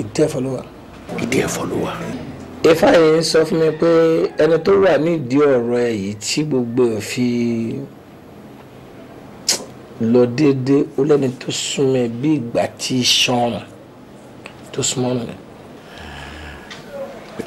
ìdí ẹ̀fọ́ ló wà. ìdí ẹ̀fọ́ ló wà. ifá yẹn sọ fún mi pé ẹni tó wà nídìí ọ̀rọ̀ ẹ̀ yìí tí gbogbo ẹ̀ fi lọ déédéé ó lẹ́ni tó súnmọ́ ẹ bí ìgbà tí iṣan tó súnmọ́ ọ̀ràn rẹ̀.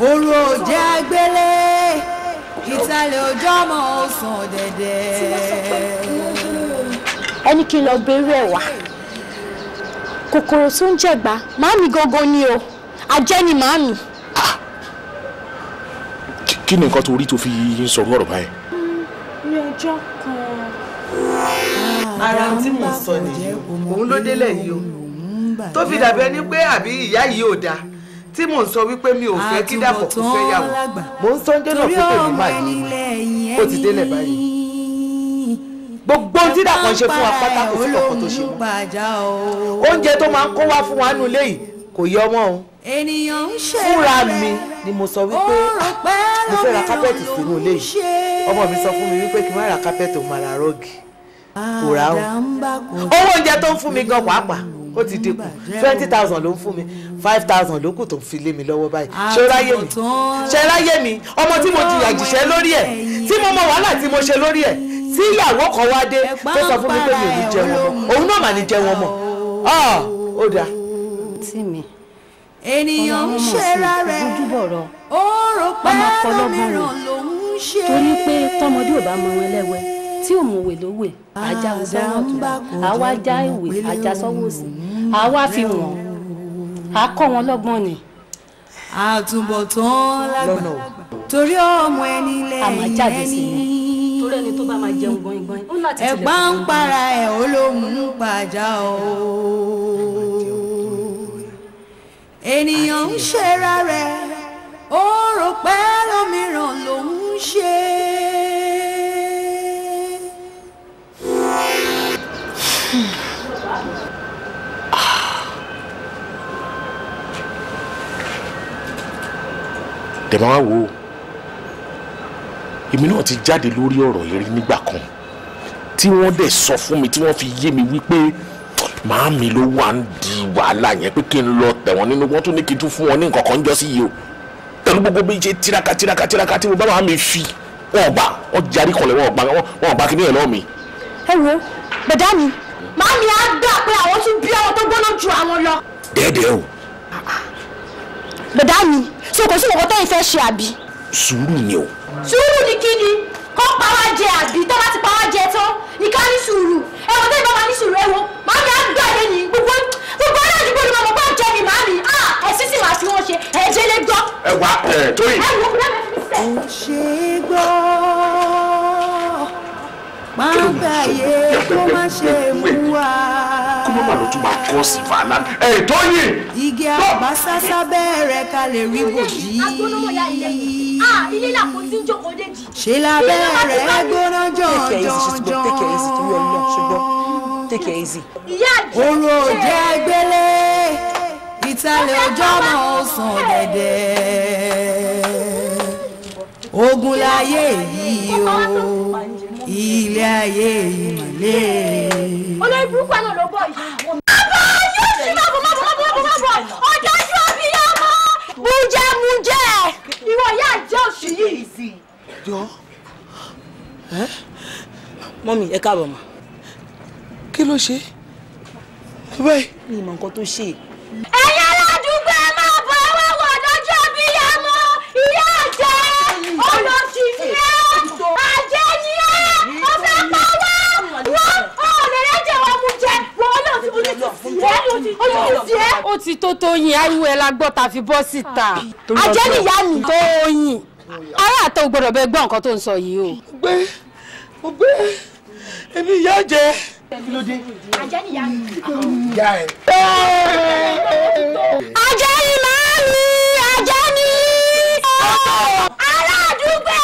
Orò jẹ́ agbélé, ìtàlẹ̀ ọjọ́ mọ̀ ó sàn dẹ̀dẹ̀. Ẹni kí n lọ bẹ̀rẹ̀ wá. Kòkòrò tó ń jẹ̀gbá, màámi gógó ni o, ajẹ́ ni màámi. Kí ni nǹkan tó rí tó fi ń sọ ọ̀rọ̀ báyìí? Hmm, ní ọjọ́ kan. Ah, Ara tí mò sọ nìyí, òun ló délẹ̀ yìí o. Tó fi dàbí ẹni pé àbí ìyá yìí ò dáa tí mò ń sọ wípé mi ò fẹ́ kí dàpọ̀ kò fẹ́ yàwó mò ń sọ́njẹ́ náà fún tèmi báyìí ó ti délẹ̀ báyìí gbogbo ohun tí dàpọ̀ ṣe fún wa pátá kò sí ọkọ̀ tó ṣe mọ́ oúnjẹ tó máa ń kó wá fún wa nù léyìí kò yẹ ọmọ o fúnra mi ni mo sọ wípé ah, mo fẹ́ ra kápẹ́ẹ̀tì sínú ilé yìí ọmọ mi sọ fún mi wípé kí n má ra kápẹ́ẹ̀tì òun máa ra rọ́ọ̀gì kò rà ó owó oúnjẹ tó ń fún mi gan pàápàá ó ti dínkù twenty thousand ló ń fún mi five thousand ló kù tó ń fi lé mi lọ́wọ́ báyìí ṣé ó ráyè mi ṣé ó ráyè mi ọmọ tí mo jìyà jìṣẹ́ lórí ẹ̀ tí mo mọ wàhálà tí mo ṣe lórí ẹ̀ tí ìyàwó kan wá dé tó sọ fún mi pé mi ò ní jẹ wọn mọ́ òun náà mà ní jẹ wọn mọ́ ah. Ah, ó dáa. tí mi ènìyàn ń ṣera rẹ̀ ó rò pé ẹlòmíràn lòún ṣe torí pé tọmọdé ò bá mọ wọn lẹ́wẹ̀ẹ́ tí òmùwè ló wè ajá ń sọ́wọ́ ọ̀tún àwa já ìwé ajá sọ́wọ́ òsì àwa fi wọ́n a kọ́ wọn lọ́gbọ́n ni. àtúbọ̀tán lágbà torí ọmọ ẹni lẹ́yìn ẹni torí ẹni tó bá máa jẹun gbọ̀ngbọ̀n ó ń para ẹ̀ olóhùn ń pàjá o. ènìyàn ń ṣera rẹ̀ ó rò pé lómìíràn lòún ṣe é. dẹ̀ máa wò ó èmi náà ti jáde lórí ọ̀rọ̀ yìí rí nígbà kan tí wọ́n dẹ̀ sọ fún mi tí wọ́n fi yé mi wípé màámi ló wà ń di wàhálà yẹn pé kí n lọ tẹ̀ wọ́n nínú wọ́n tún ní kí n tún fún wọn ní nǹkan kan jọ sí yìí o pẹ̀lú gbogbo bí ṣe tiraka tiraka tiraka tí mo bá màámi fi wọn gbà wọn jarí kọlẹ̀ wọn gbà wọn gbà kí ní ẹ̀ mi. ẹ wo bàdá mi màámi á dà pé àwọn tún bí ọmọ tó gbóná ju àwọn lọ. dẹ́ẹ̀dẹ́ o. bàdá mi so kò sí nǹkan tẹ́yìn fẹ́ ṣe àbí. sùúrù ni o. sùúrù ni kí ni kó pa wá jẹ àbí tó bá ti pa wá jẹ tán ní ká ní sùúrù ẹ̀wọ̀n tẹ́yìn bá wà ní sùúrù ẹ̀wọ̀n màá mi á gbàdé ni. gbogbo gbogbo ará àdúgbò ni màmú bá jẹ ní màá mi à ẹ̀sìn sì máa fi wọ́n ṣe ẹ̀jẹ̀ lè gbọ́. ẹ wà ẹ tóyìn. ẹ wò ó má gbàyè kó má ṣe mú igi àbáṣáṣá bẹ̀rẹ̀ ká lè rí bòjì. ilé la bẹ̀rẹ̀ gbóná jọ̀njọ̀njọ̀n. take it easy. ìtàlẹ̀ ọjọ́ máa sàn dẹ̀dẹ̀ ogun láyé yìí o ilé ayé ìmọ̀lẹ́. olórí burúkú àná ló bọ̀ yìí. bàbá yóò ṣí máa bọ̀ máa bọ̀ máa bọ̀ máa bọ̀ ọ̀dájú abiyamọ. mújẹ mújẹ ìwọ ìyá ìjẹ oṣù yìí jọ mọ́mí ẹ káàbọ̀ mọ́. kí ló ṣe báyìí. mi ìmọ̀ nǹkan tó ṣe. ẹ̀yin aládùúgbò ẹ máa bọ̀ ẹ wá wọ̀ ọ̀dájú abiyamọ ìyá ìjẹ olóṣìṣẹ́ ajé. sí ẹ. ó ti tó tóyin ariwo la gbọ́ ta fi bọ́ síta ajẹ́ ah. níyà mi tóyin ará àtọ́ gbọ́dọ̀ bẹ gbọ́ nǹkan tó ń sọ yìí o. gbé mo gbé èmi ìyá jẹ. ajẹ́ níyà mi. ajẹ́ ni màá mi ajẹ́ ni. ará àdúgbò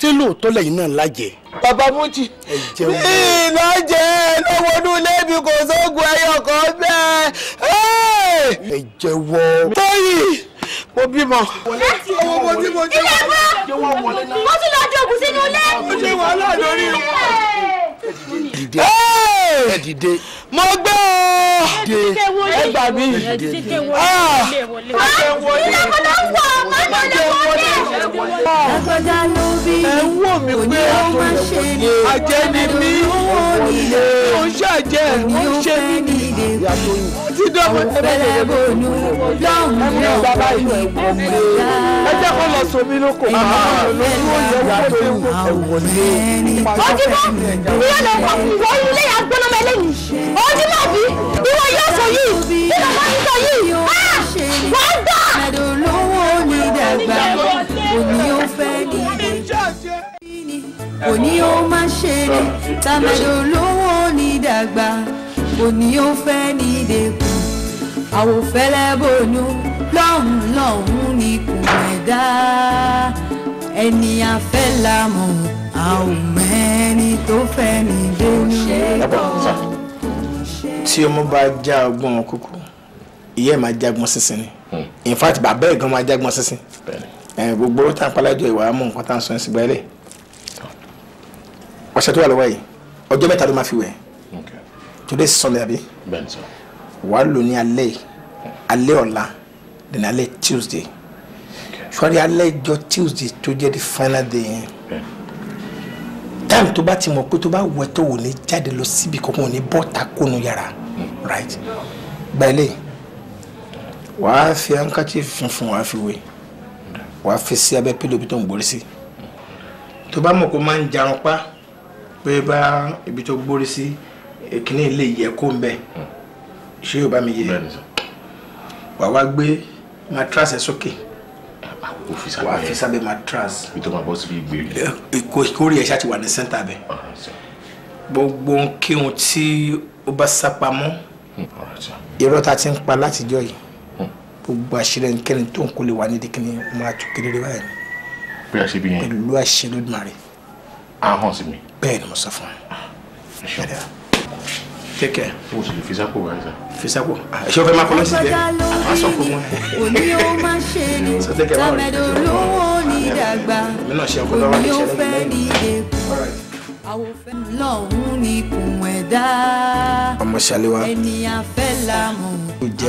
ṣé lóòótọ́ lẹ́yìn náà lájẹ. bàbá Mújì mi lájẹ lọ́wọ́ ọdún lẹ́bi kò sóògùn ẹyọ kan bẹ́ẹ̀. ẹ jẹ́wọ́. tóyì mo bímọ. owó mo tí mo jẹ́ wọlé. ilé ẹ̀kọ́ mo tún lọ jogún sínú ilé. mo ṣe wàhálà lórí dìde ẹ dìde. mo gbé o dìde ẹ gbà mí. ẹ dìde wọlé. ìlàkọ̀dá ń wọ̀ ọ̀gbọ́dọ̀ wọlé. lágbọ́dá ló bí òní ó máa ṣe ní ajẹ́ ni mí ó ṣàjẹ́ ó ṣe mí ní àwọn fẹlẹ bònú lọhùn náà bàbá ìwé wọlé ẹ jẹ́ kó lọ sómi lóko bàbá olówó yẹ kó lè wọlé wọlé. ojúmọ́ bí yóò lọ kọ wọ ilé agbóná mẹlẹ ni ojúmọ́ bí ìwọ yóò sọ yìí bí bàbá yìí sọ yìí wọ́n ah! gbà. olówó ni dàgbà òní ó fẹ́ ní òní ó má ṣe ni tàmẹ̀dọ̀ olówó ni dàgbà òní ó fẹ́ ní ìdẹ́kùn àwòfẹ́lẹ́ bònú lọ́hùn lọ́hùn ní kùn ẹni afẹ́ la tó fẹ́ ní dénú. tí ọmọ bá já ọgbọ́n kúkú ìyá ẹ̀ máa jágbọ́n sísìn ni hmm. in fact bàbá ẹ̀ gan máa jágbọ́n sísìn gbogbo tá a palájọ ìwà mú nǹkan tá a sọ ẹ̀ sígbà ẹ̀ lẹ̀ ọ̀sẹ̀ tó wà lọ́wọ́ yìí ọjọ́ mẹ́ta ló máa fi wẹ̀ today sunday àbí wàá lò ní alẹ́ alẹ́ ọ̀la then alẹ́ tuesday sọ́ọ́rí alẹ́ ìjọ tuesday tó jẹ́ the final day time to bá ti mọ̀ pé tó bá wẹ̀ tó wò ní jáde lọ síbi kankan ò ní bọ́ ta hmm. right gbẹ́lẹ̀ wàá fi ankachi funfun wàá fi wé wàá fi We abẹ́ pílò bí tó ń gbórí sí tó bá mọ̀ pé ó máa ń jarun pa pé bá ibi tó gbórí Si kíní ilé yẹ kó ń bẹ ṣé yóò mi yé wà wá gbé matras ẹ sókè wà á fi sábẹ́ matras ìkórè ẹ̀ṣá ti wà ní sẹ́ńtà bẹ́ẹ̀ gbogbo kíhun tí ó bá sá pamọ́ hmm, irọ́ ta ti ń pa látijọ́ yìí hmm. gbogbo àṣírí ẹnikẹ́ni tó ń kó lè wà nídìí kíní máa tún kedere báyìí bí a ṣe bí yẹn pẹ̀lú àṣẹ lódìmọ̀ rẹ̀ ahọ́n mi bẹ́ẹ̀ ni mo sọ fún ah, ẹ take care. mo sì lè fi sápò wá sá. fi sápò ah, ṣé o fẹ́ máa kọ́ lọ́sí bẹ́ẹ̀ a sọ fún wọn. òní ó má ṣe ni tàmẹ́dọ̀ lówó ní dàgbà òní ó fẹ́ ní èkó lọ́hún ní kùn ẹ̀dá ọmọ ṣàlẹ́wà ẹni afẹ́ làmọ̀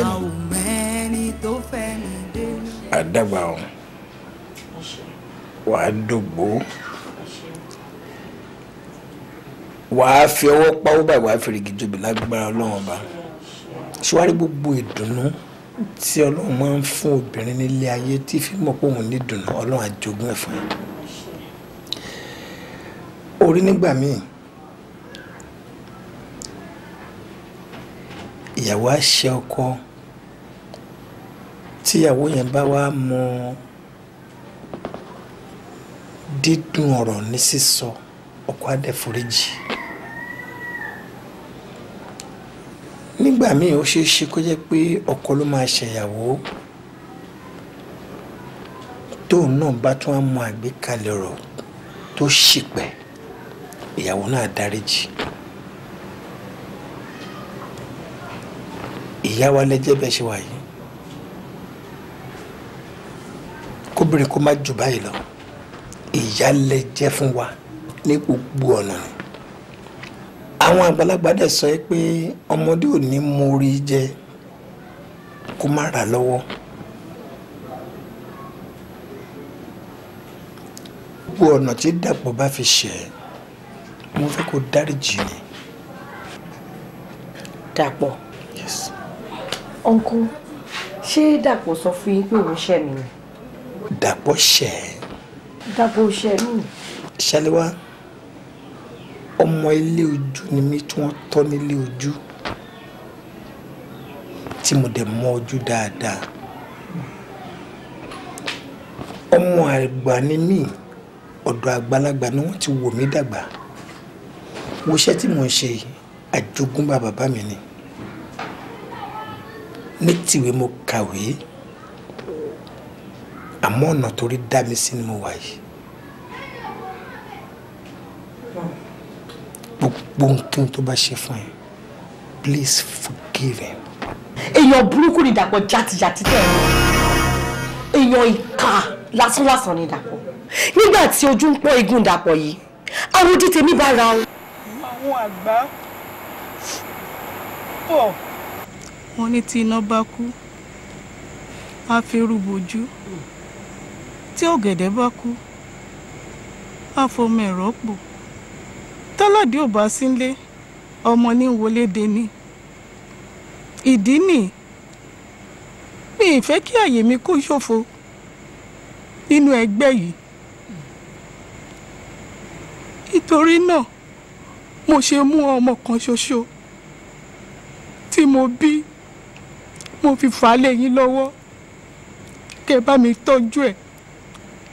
àwọn mẹ́ni tó fẹ́ ní dé. àdàgbà ọ̀ wàá dògbò wàá fi ọwọ́ pawó báyìí wàá fi rìgì jobi lágbára ọlọ́run ọba ṣíwárí gbogbo ìdùnnú tí ọlọ́run máa ń fún obìnrin nílé ayé tí fi mọ̀ pé òun ní ìdùnnú ọlọ́run àjogún ẹ̀ fún orí nígbà míì ìyàwó àṣẹ ọkọ tíyàwó yẹn bá wá mọ dídùn ọ̀rọ̀ ní sísọ ọkọ adẹ́foríjì. nígbà míì ó ṣeé ṣe kó jẹ́ pé ọkọ ló máa ṣèyàwó tóun náà bá tún á mọ àgbékalẹ̀ ọ̀rọ̀ tó ṣìpẹ̀ ìyàwó náà dáríjì ìyá wa lẹ́jẹ́ bẹ́ẹ̀ ṣe wà yìí kóbìnrin kó má jù báyìí lọ ìyá lẹ́jẹ́ fún wa ní gbogbo ọ̀nà ni àwọn àgbàlagbà dẹ̀ sọ pé ọmọdé ò ní mórí jẹ kó má rà lọ́wọ́. gbogbo ọ̀nà tí dàpọ̀ bá fi ṣẹ̀ mo fẹ́ kó dáríjì ni. dàpọ̀. yes. ọ̀nkú ṣé dàpọ̀ sọ fún yín pé òun ṣẹ̀ mí ni. dàpọ̀ ṣẹ̀. dàpọ̀ ṣẹ̀ mí. ṣálíwá ọmọ ilé ojú ni mí tí wọ́n tọ́ nílé ojú tí mo dẹ̀ mọ ojú dáadáa ọmọ àgbà ni mí ọ̀dọ̀ àgbàlagbà ni wọ́n ti wò mí dàgbà wo tí mò ń ṣe àjogúnbá bàbá mi ni ní tìwé mo kàwé àmọ́ ọ̀nà torí dá mi sí ni mo wà yìí gbogbo nǹkan tó bá ṣe fún ẹ please forgive him. èèyàn burúkú ni dàpọ̀ játijàti tẹ̀ ẹ́ èèyàn ìka lásánlásán ni dàpọ̀ nígbà tí ojú ń pọ́n igun dàpọ̀ yìí àwọn ojú tèmi bá ra o. àwọn àgbà pọ̀ wọ́n ní tí iná bá kú á fi rúbojú tí ọ̀gẹ̀dẹ̀ bá kú á fọmọ ẹ̀rọ pò tọ́lọ́dé ò bá sílé ọmọ ní wọlé de ni ìdí nì mi ìfẹ́ kí àyè mi kó ṣòfò nínú ẹgbẹ́ yìí nítorí náà mo ṣe mú ọmọ kan ṣoṣo tí mo bí mo fi fà á lé yín lọ́wọ́ kẹ́ bá mi tọ́jú ẹ̀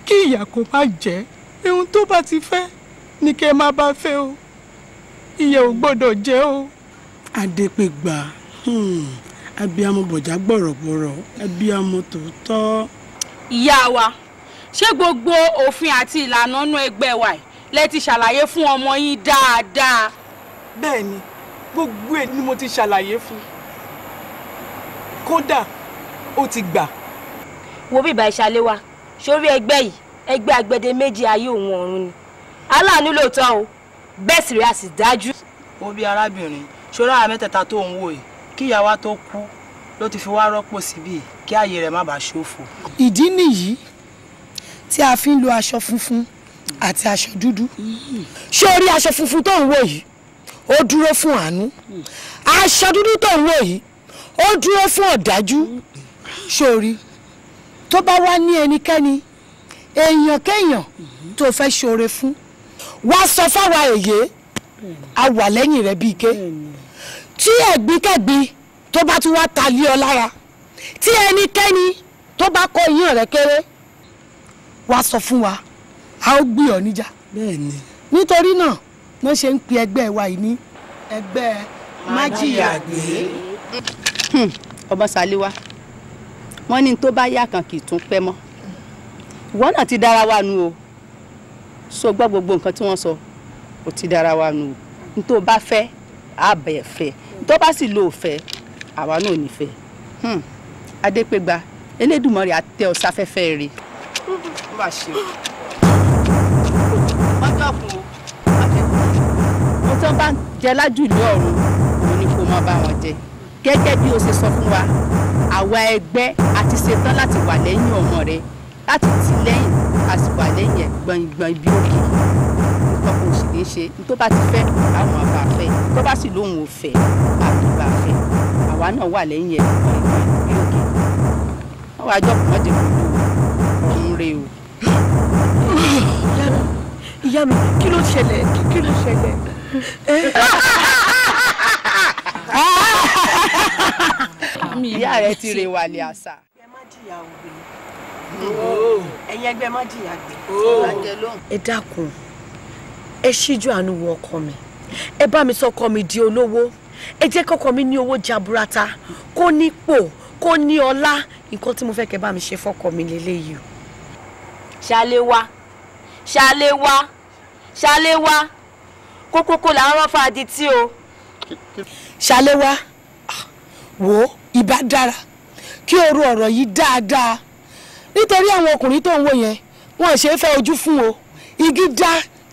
kí ìyà kó má jẹ́ ohun tó bá ti fẹ́ ni kẹ́ má bá fẹ́ o ìyẹ́ ò gbọ́dọ̀ jẹ́ o. adépégbà hmm, abiyamọ bọjá gbọrọgbọrọ abiyamọ tòótọ́. ìyá wa ṣé gbogbo òfin àti ìlànà inú ẹgbẹ́ wa lẹ ti ṣàlàyé fún ọmọ yín dáadáa. bẹ́ẹ̀ ni gbogbo ẹ̀ ni mo ti ṣàlàyé fún kódà ó ti gbà. wo bí ìṣàlẹ̀ wa sórí ẹgbẹ́ yìí ẹgbẹ́ agbẹ̀dẹ méjì ayé òun ọ̀run ni aláàánú lóòótọ́ o bẹ́ẹ̀ sì rí a sì dájú. ó bí arábìnrin ṣọ́ra àwọn mẹ́tẹ̀ẹ̀ta tó ń wò yìí kí ìyá wa tó kú ló ti fi wá rọ́pò síbí kí ààyè rẹ̀ má bàa ṣòfò. ìdí nìyí tí a fi ń lo aṣọ funfun àti aṣọ dúdú ṣé o rí aṣọ funfun tó ń wò yìí ó dúró fún àánú aṣọ dúdú tó ń wò yìí ó dúró fún ọ̀dájú ṣé o rí tó bá wá ní ẹnikẹ́ni èèyàn kéèyàn tó fẹ́ ṣoore fún wá sọ fáwa èyí a wà lẹ́yìn rẹ̀ bíi ké tí ẹ̀gbínkẹ̀gbín tó bá tún wá ta lé ọ lára tí ẹnikẹ́ni tó bá kọ iyán rẹ̀ kéré wá sọ fún wa a ó gbé ọ níjà nítorí náà wọ́n ṣe ń pe ẹgbẹ́ wa yìí ní ẹgbẹ́ májìyàgbé. Hmm, ọba saliwa wọ́n ní tó bá yá kan kì í tún pẹ́ mọ́ ìwọ náà ti dára wa nu o so gbọ́ gbogbo nǹkan tí wọ́n sọ ó ti dára wa nù nítorí bá fẹ́ àbẹ̀ fẹ́ tó bá sì lo òfẹ́ àwa náà nífẹ̀ẹ́ hmm. adépégbà elédùnmọ́ rẹ̀ àtẹ ọ̀sáfẹ́fẹ́ rẹ̀ ó bá ṣe o wájú àkùn o akẹ́kọ̀ọ́ mo tó bá jẹ lájùlé ọ̀run òun ni kò má bá wọn jẹ gẹ́gẹ́ bí o ṣe sọ fún wa àwa ẹgbẹ́ àti ṣetán láti wà lẹ́yìn ọmọ rẹ̀ láti ti lẹ́yìn àsìkò àlẹ́yìn ẹ̀ gbọ̀ngbọ̀n ibi òkè nǹkan kò sì ní ṣe tó bá ti fẹ́ àwọn àbá fẹ́ tó bá sì lóun ò fẹ́ àbíbá fẹ́ àwa náà wà lẹ́yìn ẹ̀ gbọ̀ngbọ̀n ibi òkè wọ́n wá jọ́pọ̀ mọ́tò kúndùn ọ̀hún rè o. ìyá mi kí ló ṣẹlẹ̀ kí ló ṣẹlẹ̀. ìyá rẹ ti rè wàlẹ̀ àṣà. ẹ má jìyà òbí ẹ̀yin ẹgbẹ́ má jìyà gbé ìbàjẹ́ lóhùn. ẹ dákun ẹ ṣíjú àánú wo ọkọ mi ẹ bá mi sọkọ mi di olówó ẹ jẹ́ kọ́kọ mi ní owó jaburata kó nípò kó ní ọlá nǹkan tí mo fẹ́ kẹ́ bá mi ṣe fọ́kọ mi lélẹ́yìí o. ṣálé wá ṣálé wá ṣálé wá kókókó là ń rán fàdí tí o. ṣálé wá ah, wo ìbá dára kí o ro ọ̀rọ̀ yìí dáadáa nítorí àwọn ọkùnrin tó ń wò yẹn wọn ò ṣe é fẹ́ ojú fún o igi dá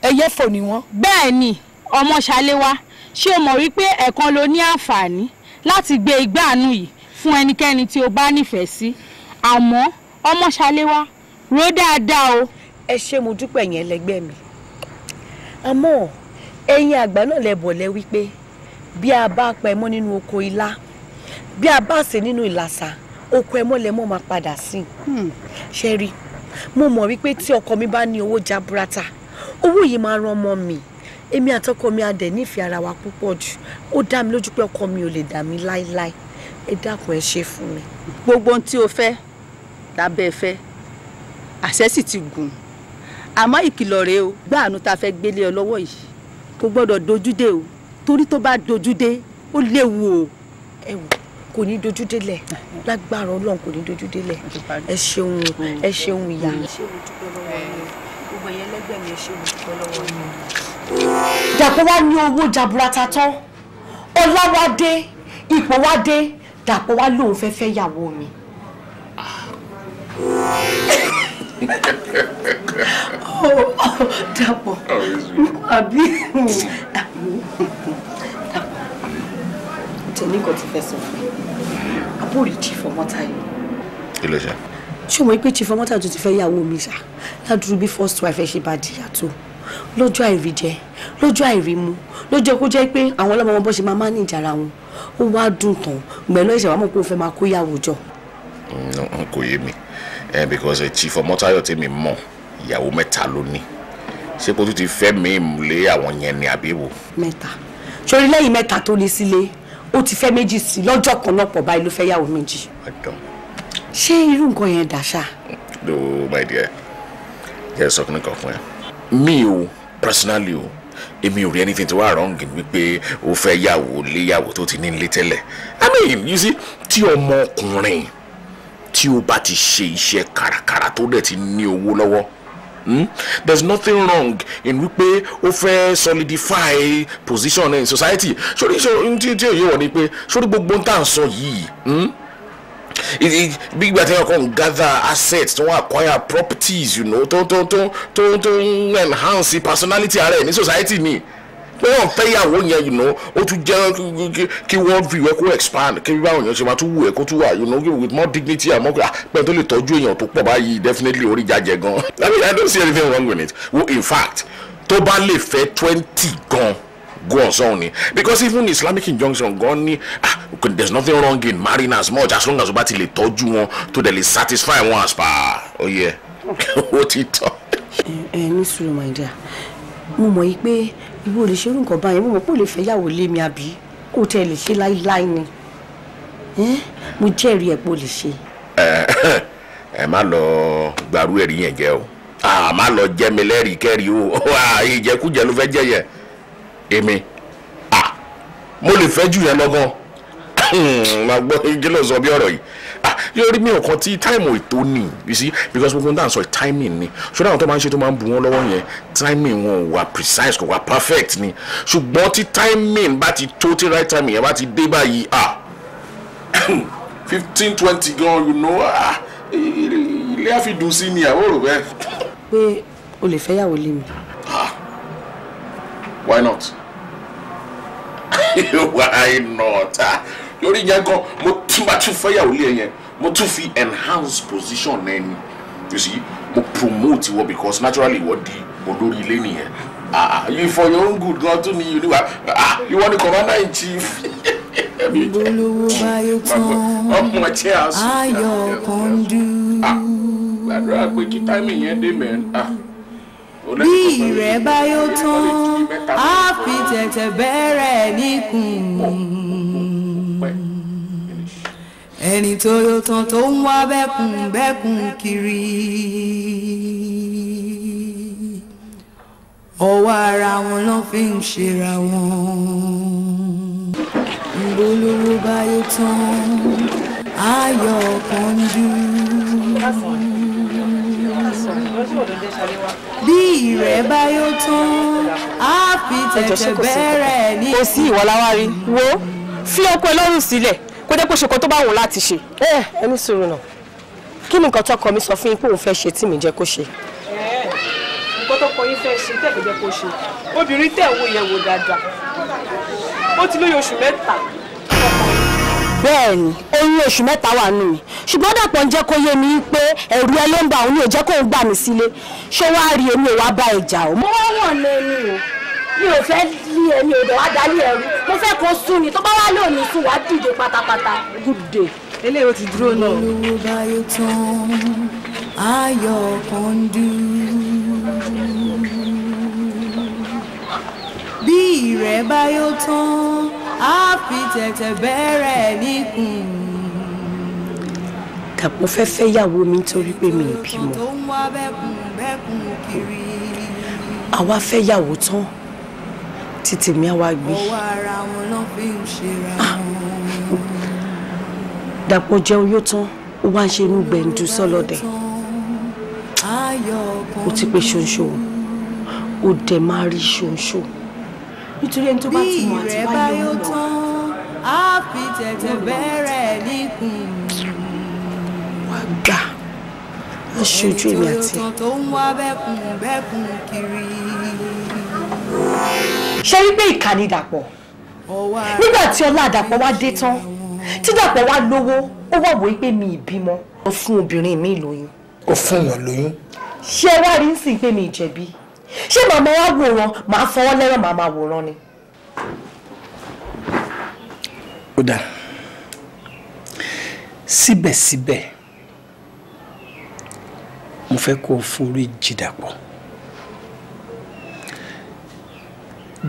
ẹyẹ fò ní wọn. bẹ́ẹ̀ ni ọmọ ṣàléwá ṣé o mọ̀ wípé ẹ̀kan ló ní àǹfààní láti gbé igbá àánú yìí fún ẹnikẹ́ni tí o bá nífẹ̀ẹ́ sí àmọ́ ọmọ ṣàléwá rò dáadáa o. ẹ ṣé mo dúpẹ́ yẹn lẹ́gbẹ́ mi àmọ́ ẹ̀yin àgbà náà lẹ bọ̀ lẹ wípé bí a bá pa ẹmọ́ nínú oko ilá bí a bá sè nínú ìlàsà oko ẹ mọ́lẹ̀ mọ́ máa padà sí i hmm. ṣe rí mo mọ̀ wípé tí ọkọ mi bá ní owó jaburata owó yìí máa ran ọmọ mi èmi àtọkọ mi adẹ̀ nífẹ̀ẹ́ ara wa púpọ̀ jù ó dá mi lójú pé ọkọ mi ò lè dà mí láéláé ẹ dákun ẹ ṣe fún mi. gbogbo ohun tí o fẹ́ lábẹ́ ẹ fẹ́ àṣẹ sì ti gùn àmọ́ ìkìlọ̀ rèé o gbáàánú tá a fẹ́ gbélé ọ lọ́wọ́ yìí kò gbọ́dọ̀ dojú dé o torí tó bá dojú dé ó léwu o. ẹ wò kò ní dojú délẹ̀ lágbára ọlọ́run kò ní dojú délẹ̀ ẹ ṣeun ẹ ṣeun ìyá. dàpọ̀ wá ní owó jaburata tán ọlá wá dé ipò wá dé dàpọ̀ wá lòun fẹ́ fẹ́ yàwó mi. *laughs* dàpọ̀ àbí dàpọ̀ tẹ̀lé kò ti fẹ́ sọ fún mi àbúrò chief ọmọtayọ. kí ló ṣe. ṣé o mọ̀ pé chief ọmọtayọ tó ti fẹ́ yàwó mi ṣá ládùúgbò bí first wife ẹ̀ ṣe bá jìyà tó lọ́jọ́ àìríjẹ lọ́jọ́ àìrímu lọ́jọ́ kó jẹ́ pé àwọn ọlọ́mọ wọn bọ́ ṣe máa máa ní ìjàra wọn ó wá dùn tán gbẹ̀lọ́ ìṣẹ̀wá mọ̀ pé ó fẹ́ máa kó yàwó jọ. kò yé mi because chief ọmọtayọ tèmi mọ̀ ìyàwó mẹ́ta ló ní ṣé kó tún ti fẹ́ mi lé àwọn yẹn ni àbí wo. mẹ́ta sórí lẹ́yìn mẹ́ta tó ní sílé ó ti fẹ́ méjì sí lọ́jọ́ kan náà pọ̀ báyìí ló fẹ́ yàwó méjì. ṣé irú nǹkan yẹn dà ṣá. lo my dear jẹ́ sọ kí ni kan fún ẹ. mi o personally o èmi ò rí anything tó wà wrong wípé o fẹ́ yàwó léyàwó tó ti ní ilé tẹ́lẹ̀ i mean you see tí ọmọkùnrin tí o bá ti ṣe iṣẹ́ kàràkàrà tó dẹ̀ ti ní owó lọ́wọ́ Mm? There's nothing wrong in wípé ó fẹ́ solidify position in society So sórí tí tí òye wọ̀ ni pé sórí gbogbo ń tà ń sọ yìí hmm? bí ìgbà tí wọn kàn ń gather assets tí wọn acquire properties you know, to to to to to ń enhance personality ara ẹ̀ ní society ni. Mm? wọ́n fẹ́ yàwó yẹn you know ó tún jẹ́ kí wọ́n fi ìwé kó expand kí bí báwọn èèyàn ṣe máa tún wù ẹ́ kó tún wà you know with more dignity and more ah, pẹ́ẹ́n tó lè tọ́jú èèyàn tó pọ̀ báyìí definitely orí jajẹ gan I mean I don't see anything wrong with it well in fact tó bá lè fẹ́ twenty gan go on so ni because even Islamic injunction gan ni ah there is nothing wrong in marrying as much as long as o bá ti lè tọ́jú wọn to dẹ̀ lè satisfy wọn as per oyè oh *laughs* ó ti tọ́. ẹ ẹ ní sùúrù my dear mo mọ̀ yí pé ìwọ ò lè ṣerú nǹkan báyìí mo mọ̀ pé ò lè fẹ́ yàwó lé mi àbí kò tẹ́ lè ṣe láíláí ni mo jẹ́rìí ẹ̀ pé ò lè ṣe. ẹ má lọ gbarú ẹ̀rí yẹn jẹ́ o a má lọ jẹ́ mi lẹ́rìí kẹ́rìí o ìjẹkújẹ ló fẹ́ jẹ́ yẹn èmi mo lè fẹ́ jù yẹn lọ́gán mo gbọ́ kí sọ bí ọ̀rọ̀ yìí ah yóò rí mi ọ̀kan tí táìmù ètò ni you see because gbogbo dáhùn sọ timing ni ṣọdọ àwọn tó máa ń ṣe tó máa ń bu wọn lọ́wọ́ yẹn timing wọn ò wà precise kò wà perfect ni ṣùgbọ́n tí timing bá ti tó tí right timing yẹn bá ti dé báyìí ah *coughs* fifteen twenty gan you know ah ilé àfi dùn sí ni àwòrò bẹ́ẹ̀. pé o lè fẹ́ yàwó lé mi. ah why not *laughs* why not. Ah, lórí yẹn gan mo tún bá tún fẹ́yàwó lé yẹn mo tún fi enhance position náà you see mo promote wọ because naturally wọ́n di olórí ilé nìyẹn ah, ah you for your own good gan tún ni you ah, ni wa ah you wan be commander in chief. ìbolówó báyọ̀ tán ayọ̀ ah, gbàdúrà pé kí táìmì yẹn dé mẹ́rin bí ìrẹ́ bá yóò tán á fi tẹ̀tẹ̀ bẹ̀rẹ̀ níkùn. *laughs* ẹni tó yó tán tó ń wá bẹ́kùn bẹ́kùn kiri ọwọ́ ara wọn ló fi ń ṣera wọn ìbolówó báyé tán ayọ̀ kan jù bí ìrẹ́ bá yó tán á fi tẹ̀tẹ̀ bẹ̀rẹ̀ ní. kò sí ìwọ láwárí wo fi ọkọ ẹ lọ́rùn sílẹ̀ kó jẹ́ pé ṣe kan tó bá wù láti ṣe. ẹ eh, ẹ ní sùúrù náà kí ni nǹkan tọkọ mi sọ fún yín pé òun fẹ́ ṣe tí mi jẹ́ kó ṣe. nǹkan tọkọ yín fẹ́ ṣe tẹ̀ kó jẹ́ kó ṣe obìnrin tẹ̀ wo yẹn wò dáadáa ó ti lóye oṣù mẹ́ta. bẹ́ẹ̀ oyún oṣù mẹ́ta wà nù mí ṣùgbọ́n dàpọ̀ ń jẹ́ kó yé mi pé ẹ̀rù ẹ òun ní jẹ́ kó ń gbà mí sílé ṣé wàá rí èmi ò wá bá ìjà o. mo wá wọ̀n lé e o mi ò fẹ́ lé ẹ mi ò dẹ̀ wá dálé ẹrú mo fẹ́ kó sún ni tó bá wà lónìí sùn wá dìde pátápátá. good eléyìí ó ti dúró náà. olówó báyọ̀ tán ayọ̀ kan dùn bí ìrẹ́ báyọ̀ tán á fi tẹ̀tẹ̀ bẹ̀rẹ̀ níkùn. kàpọ̀ fẹ́ fẹ́ yàwó mi nítorí pé mi ì bímọ àwa fẹ́ yàwó tán tí tèmi á wá gbé. Ah. dàpọ̀ jẹun yóò tán ó wá ń ṣe inú gbẹ̀ǹdù sọ́lọ́dẹ̀ ó ti pé ṣonṣo ó dẹ̀ máa rí ṣonṣo nítorí ẹni tó bá ti mọ̀ àti bá yọ ọ́ lọ. a fi tẹ̀tẹ̀ bẹ̀rẹ̀ níkùn. wà á gbà á ṣojú èmi àti. ètò tó ń wá bẹ́kùn bẹ́kùn kiri ṣe rí pé ìkànnì dàpọ̀ nígbà tí ọlá àdàpọ̀ wá dé tán tí dàpọ̀ wá lówó ó wà wí pé mi ìbímọ ó fún obìnrin mi lóyún. ó fún wọn lóyún. ṣé wàá rí sí pé mi ìjẹ̀bi ṣé màmá wa wòran màá fọwọ́ lẹ́rọ̀ màá máa wòran ni. ó dáa síbẹ̀síbẹ̀ mo fẹ́ kó o forí jìdàpọ̀.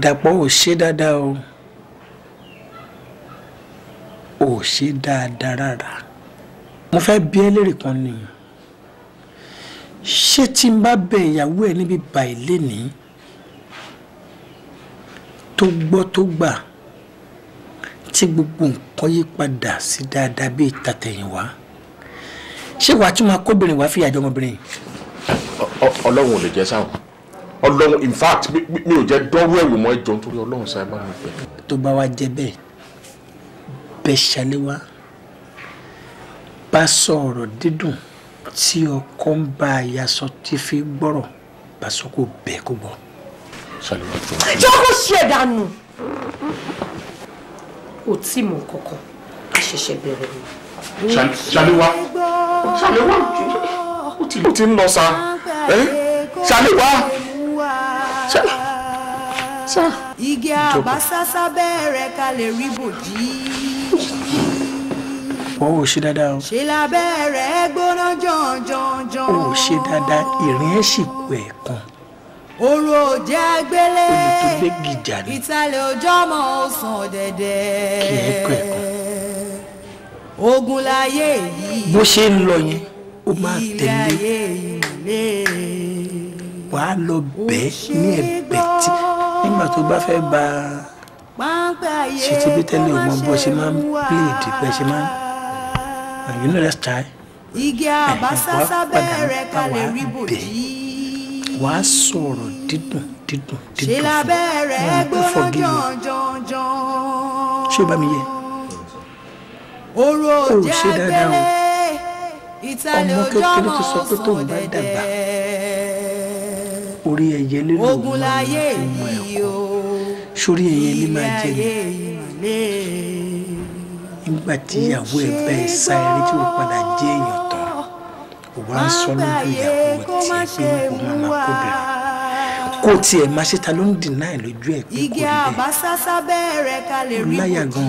Dàpọ̀ ò ṣe dáadáa o ò ṣe dáadáa rárá mo fẹ́ bi ẹ́ lérè kan ni ṣé tí n bá bẹ ìyàwó ẹ níbi báyìí lénìí tó gbọ́ tó gbà tí gbogbo nǹkan yí padà sí dáadáa bíi tàtẹ̀yìnwá ṣé wàá tún máa kóbìnrin wàá fìyà jọmọbìnrin. ọlọ́run ò lè jẹ́ sáwọn ọlọ́run in fact mi ò jẹ́ dọ́wọ́ ẹ̀wò mọ́ ẹjọ́ nítorí ọlọ́run sáà bá mi pẹ́. tó bá wa jẹ bẹ́ẹ̀ bẹ́ẹ̀ ṣàléwá bá sọ ọ̀rọ̀ dídùn tí ọkọ ń bá aya sọ tí fi gbọ́rọ̀ bá sọ kó bẹ́ẹ̀ kó gbọ́. ṣàléwá jọ. jọ́ ṣe ẹ̀dánù ò tí mọ̀ kankan a ṣẹ̀ṣẹ̀ bẹ̀rẹ̀ ni. ṣàléwá ṣàléwá ó ti lọ sa ṣàléwá. Sarah Sarah. igi àbásásá bẹ̀rẹ̀ ká lè rí bòjì. wọn ò ṣe dáadáa o. ṣe lábẹ́ rẹ̀ gbóná jọ̀njọ̀njọ̀n. o ò ṣe dáadáa ìrìn ẹ̀ sì kú ẹ̀ kan. Orò òjẹ́ agbélé. Olùtúndé gìjà ni. Ìtàlẹ̀ ọjọ́ Kì í kọ̀ ẹ̀kọ́. Ogun láyé yìí. Bó ṣe ń lọ yẹn, ó máa tẹ̀lé. Ilé ayé yìí lè wàá lọ bẹ́ẹ̀ ní ẹ̀bẹ̀ tí nígbà tó bá fẹ́ bá ṣe ti bí tẹ́lẹ̀ ọmọ bọ́ ṣe máa ń pléèdì pẹ́ ṣe máa ń you know that's try wàá padà bá wàá bẹ́ẹ̀ wàá sọ̀rọ̀ dídùn dídùn dídùn fún wọn kó fọ́gìlì ṣé o bá mi yẹ o ò ṣe dáadáa o ọmọ kékeré tó sọ pé tóun bá dàgbà orí ẹyẹ lélò ogun láyé yìí o sórí ẹyẹ ní máa jẹ ní nígbà tí ìyàwó ẹ bẹ ẹ sá tí o padà jẹ èèyàn tán o wá ń sọ lójú ìyàwó tiẹ̀ pé o màmá kò bẹ̀rẹ̀ kó tiẹ̀ máa ṣe ta ló ń dìnnà ẹ̀ lójú ẹ̀ pé kò rí bẹ́ẹ̀ láyà gan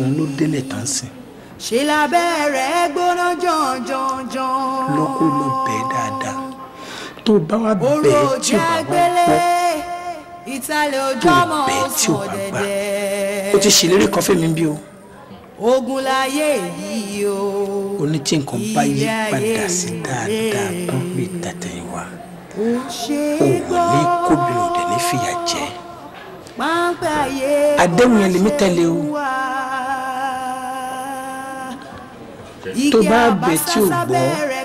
òun ló délẹ̀ tán sìn ṣe lábẹ́ rẹ̀ gbóná jọ̀njọ̀njọ̀n. lọ́kọ́ ló bẹ̀ dáadáa tó bá wa bẹ̀ẹ́ tí ò bá wá gbọ́ tó bẹ̀ẹ́ tí ò bá gbà ó ti ṣèlérí kan fún mi bí o. ogun láyé yìí o. ó ní tí nǹkan bá yí padà sí dáadáa kún bí tàtẹ̀yìnwá òun ní kóbìnrin òde ní fìyà jẹ àdéhùn yẹn lèmi tẹ̀lé o tó bá bẹ̀ tí ò gbọ́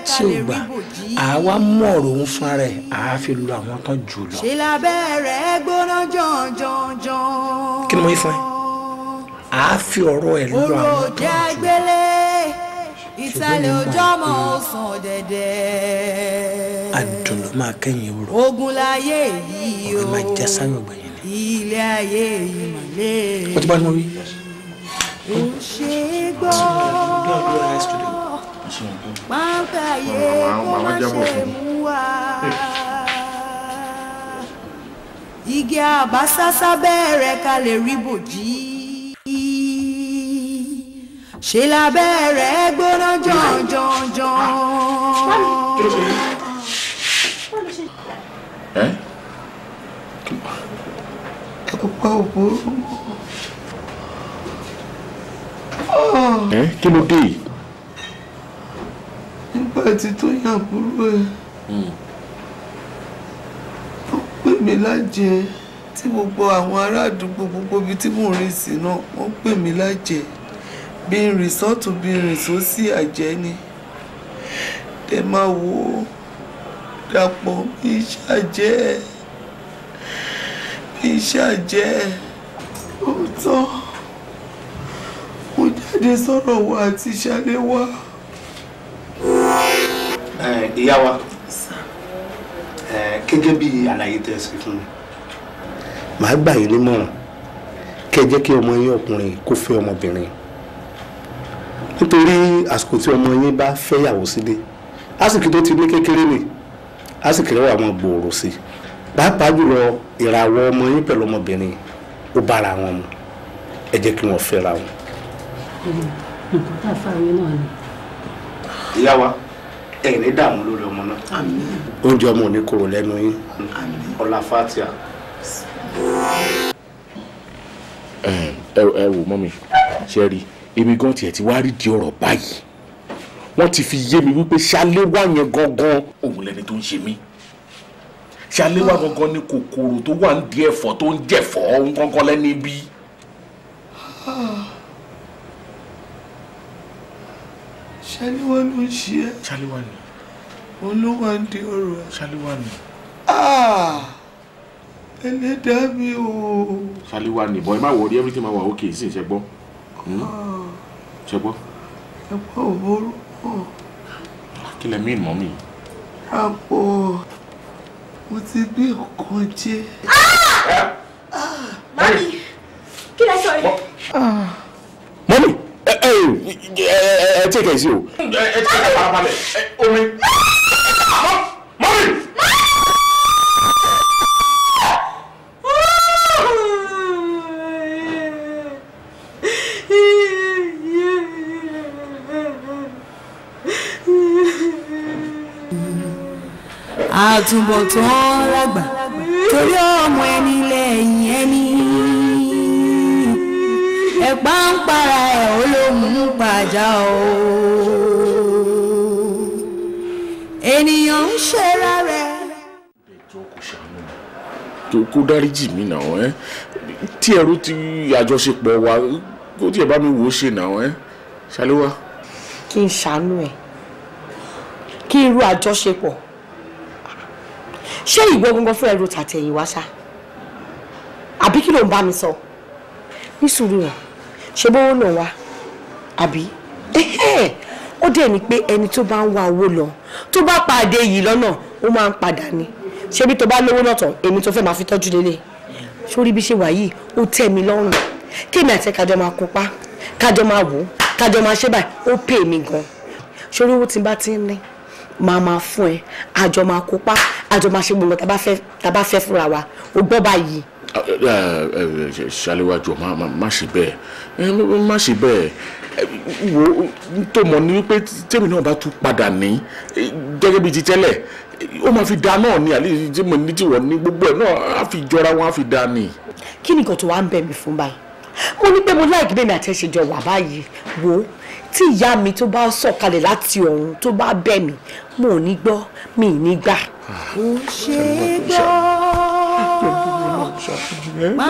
tí ò gbà àwa mú ọ̀rọ̀ òun fún rẹ̀ àá fi lu àwọn kan jù lọ. ṣe lábẹ́ rẹ̀ gbóná jọ̀njọ̀njọ̀n. kí ni mo yí fún ẹ àá fi ọ̀rọ̀ ẹ̀ lu àwọn kan jù lọ. òròjà gbélé ìsàlẹ̀ ọjọ́ mọ̀ sàn dẹ̀dẹ̀. adùn máa kẹ́yìn òru. ogun láyé yìí o. ọ̀rọ̀ máa jẹ́ sáyọ̀ gbẹ̀yìn ni. ilé ayé yìí mà lé. wọ́n ti bá ní wọ́n wí. ó ṣe é gbọ́ pàǹkàyé kó má ṣe mú wa. igi àbásásá bẹ̀rẹ̀ ká lè rí bòjì. ṣe lábẹ́rẹ́ gbóná jọ̀njọ̀njọ̀n. ẹ kò pa òbó. ẹ kí ló dé yìí nígbà tí tó yàn búrú ẹ̀ hmm. tó pè mí lájẹ tí gbogbo àwọn ará àdúgbò gbogbo ibi tí mò ń rìn sí náà wọ́n pè mí lájẹ bí n rìn sọ́tún bí n rìn sósì àjẹ́ ni tẹ máa wo dàpọ̀ bí ṣàjẹ́ bí ṣàjẹ́ ó tán mo jáde sọ̀rọ̀ wa àti ṣàlẹ́ wa ìyá wa gẹ́gẹ́ bí àlàyé tẹ́ ṣe fún mi màá gbà yín nímọ̀ràn kẹ́ ẹ jẹ́ kí ọmọ yín ọkùnrin kó fẹ́ ọmọbìnrin nítorí àsìkò tí ọmọ yín bá fẹ́yàwó sílé àsìkò tó ti ní kékeré ni àsìkò rẹ̀ wà mọ́ gbòòrò sí i pàápàá jùlọ ìràwọ̀ ọmọ yín pẹ̀lú ọmọbìnrin ó bára wọn mu ẹ jẹ́ kí wọ́n fẹ́ra wọn. ìyá wa ẹ̀ ní dààmú lórí ọmọ náà oúnjẹ ọmọ ò ní kúrò lẹ́nu yín ọlá fatia. ẹ wò mọ́ mi ṣe rí èmi gan tiẹ̀ ti wá rí di ọ̀rọ̀ báyìí wọ́n ti fi yé mi wípé ṣáléwá yẹn gangan òun lẹni tó ń ṣe mí ṣáléwá gangan ni kòkòrò tó wà ń di ẹ̀fọ́ tó ń jẹ̀fọ́ ń gangan lẹ́ni bí. *sighs* ṣáléwá ló ń ṣe ẹ́. ṣáléwá ni. olúwa ń di ọrọ̀ ẹ. ṣáléwá ni. Ah! ẹlẹ́dàá mi o. ṣáléwá ni bọ́ ẹ má wọrí everything ma wà okay sí ṣe gbọ́. Hmm? Ah. ṣe gbọ́. ẹ gbọ́ òwúrọ̀ pọ̀. kí lẹ mìíràn mọ́ mi. àpò mo ti gbé nǹkan jẹ. Ah! Eh! mami kí lẹ sọ yìí. mọ́mí ẹ ẹ ẹ ẹ tẹ̀kẹ̀ sí o. ẹ ẹ tẹ̀kẹ̀ farabalẹ̀ ẹ omi. mọ́mí. àtúbọ̀tán lágbà torí ọmọ ẹni lẹ́yìn ẹni ẹ̀pá ń para ẹ̀ ó ló mú pàjá o. ènìyàn ń ṣe rárẹ̀. ẹjọ́ mi kó dáríjì mí náà ẹ́ tí ẹrú ti àjọṣepọ̀ wa kó tiẹ̀ bá mi wò ó ṣe náà ẹ́ ṣàlùwà. kí n ṣàánú ẹ kí irú àjọṣepọ̀ ṣé ìwọ gbọ́ngàn fún ẹrú tàtẹ̀yìnwá ṣá àbí kí ló ń bá mi sọ ní sùúrù ṣe bówó lò wá àbí ó dẹ̀ ni pé ẹni tó bá ń wá owó lọ tó bá pàdé yìí lọ́nà ó máa ń padà ni ṣebí tó bá lówó náà tán èmi tó fẹ́ máa fi tọ́jú lélẹ̀ sórí bí ṣe wà yìí ó tẹ́ mi lọ́rùn kémi àti kájọ máa kópa kájọ máa wò ó kájọ máa ṣe báyìí ó pè mí gan sórí owó tí n bá ti ń ní máa máa fún ẹ àjọ máa kópa àjọ máa ṣe gbogbo tá a bá fẹ́ fúnra wa ó gbọ́ báyìí Ah, eh, eh, eh, ṣàlẹ́wájú má ṣe bẹ́ẹ̀ má ṣe bẹ́ẹ̀ wo tó mọ̀ ni wípé tèmi náà bá tún padà ní gẹ́gẹ́ bíi ti tẹ́lẹ̀ ó máa fi da náà ni àlè tí mo ní tiwọ̀ ní gbogbo ẹ̀ náà á fi jọra wọn á fi da ni. kí ni nǹkan tó wá ń bẹ̀ mí fún báyìí mo ní pé mo láì gbé mi àtẹ̀sẹ̀jọ wà báyìí wo tí ìyá mi tó bá sọ̀kalẹ̀ láti ọ̀run tó bá bẹ̀ mí mo ò ní gbọ́ mi ì ní gbà. kò ṣeé gbọ́ ṣàfihàn ìjọ tó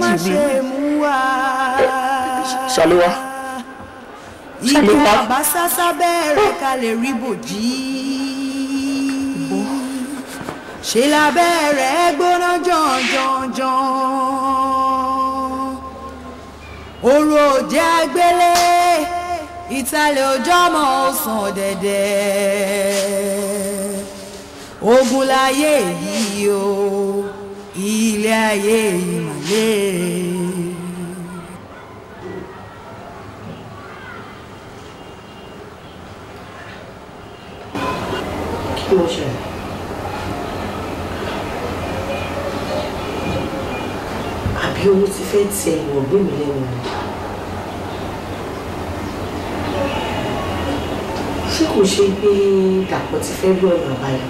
dáríjì mi ṣàlẹ́wà ṣàlẹ́wà. ìbò bá sásá bẹ́ẹ̀ rẹ̀ ká lè rí bòjì ṣe lábẹ́ gbóná jọ̀njọ̀njọ̀n òru òjẹ́ agbélé ìtàlẹ̀ ọjọ́ mọ́ ọ̀sán dẹ̀dẹ̀ ogun láyé yìí o ilé ayé ìmàlẹ́. kí ló ṣẹlẹ̀? àbí owó ti fẹ́ tẹ ìwọ̀n gbé mi lẹ́nu ni. ṣé kò ṣe pé dàpọ̀ ti fẹ́ gbọ́ ọ̀nà àbáyọ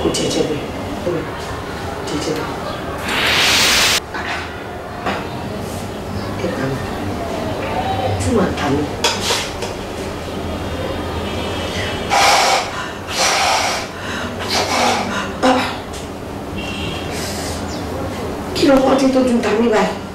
kò jẹ́jẹ́ 손을 뒤집어 나가 일단 숨을 담 키로 어디도 좀 담이 봐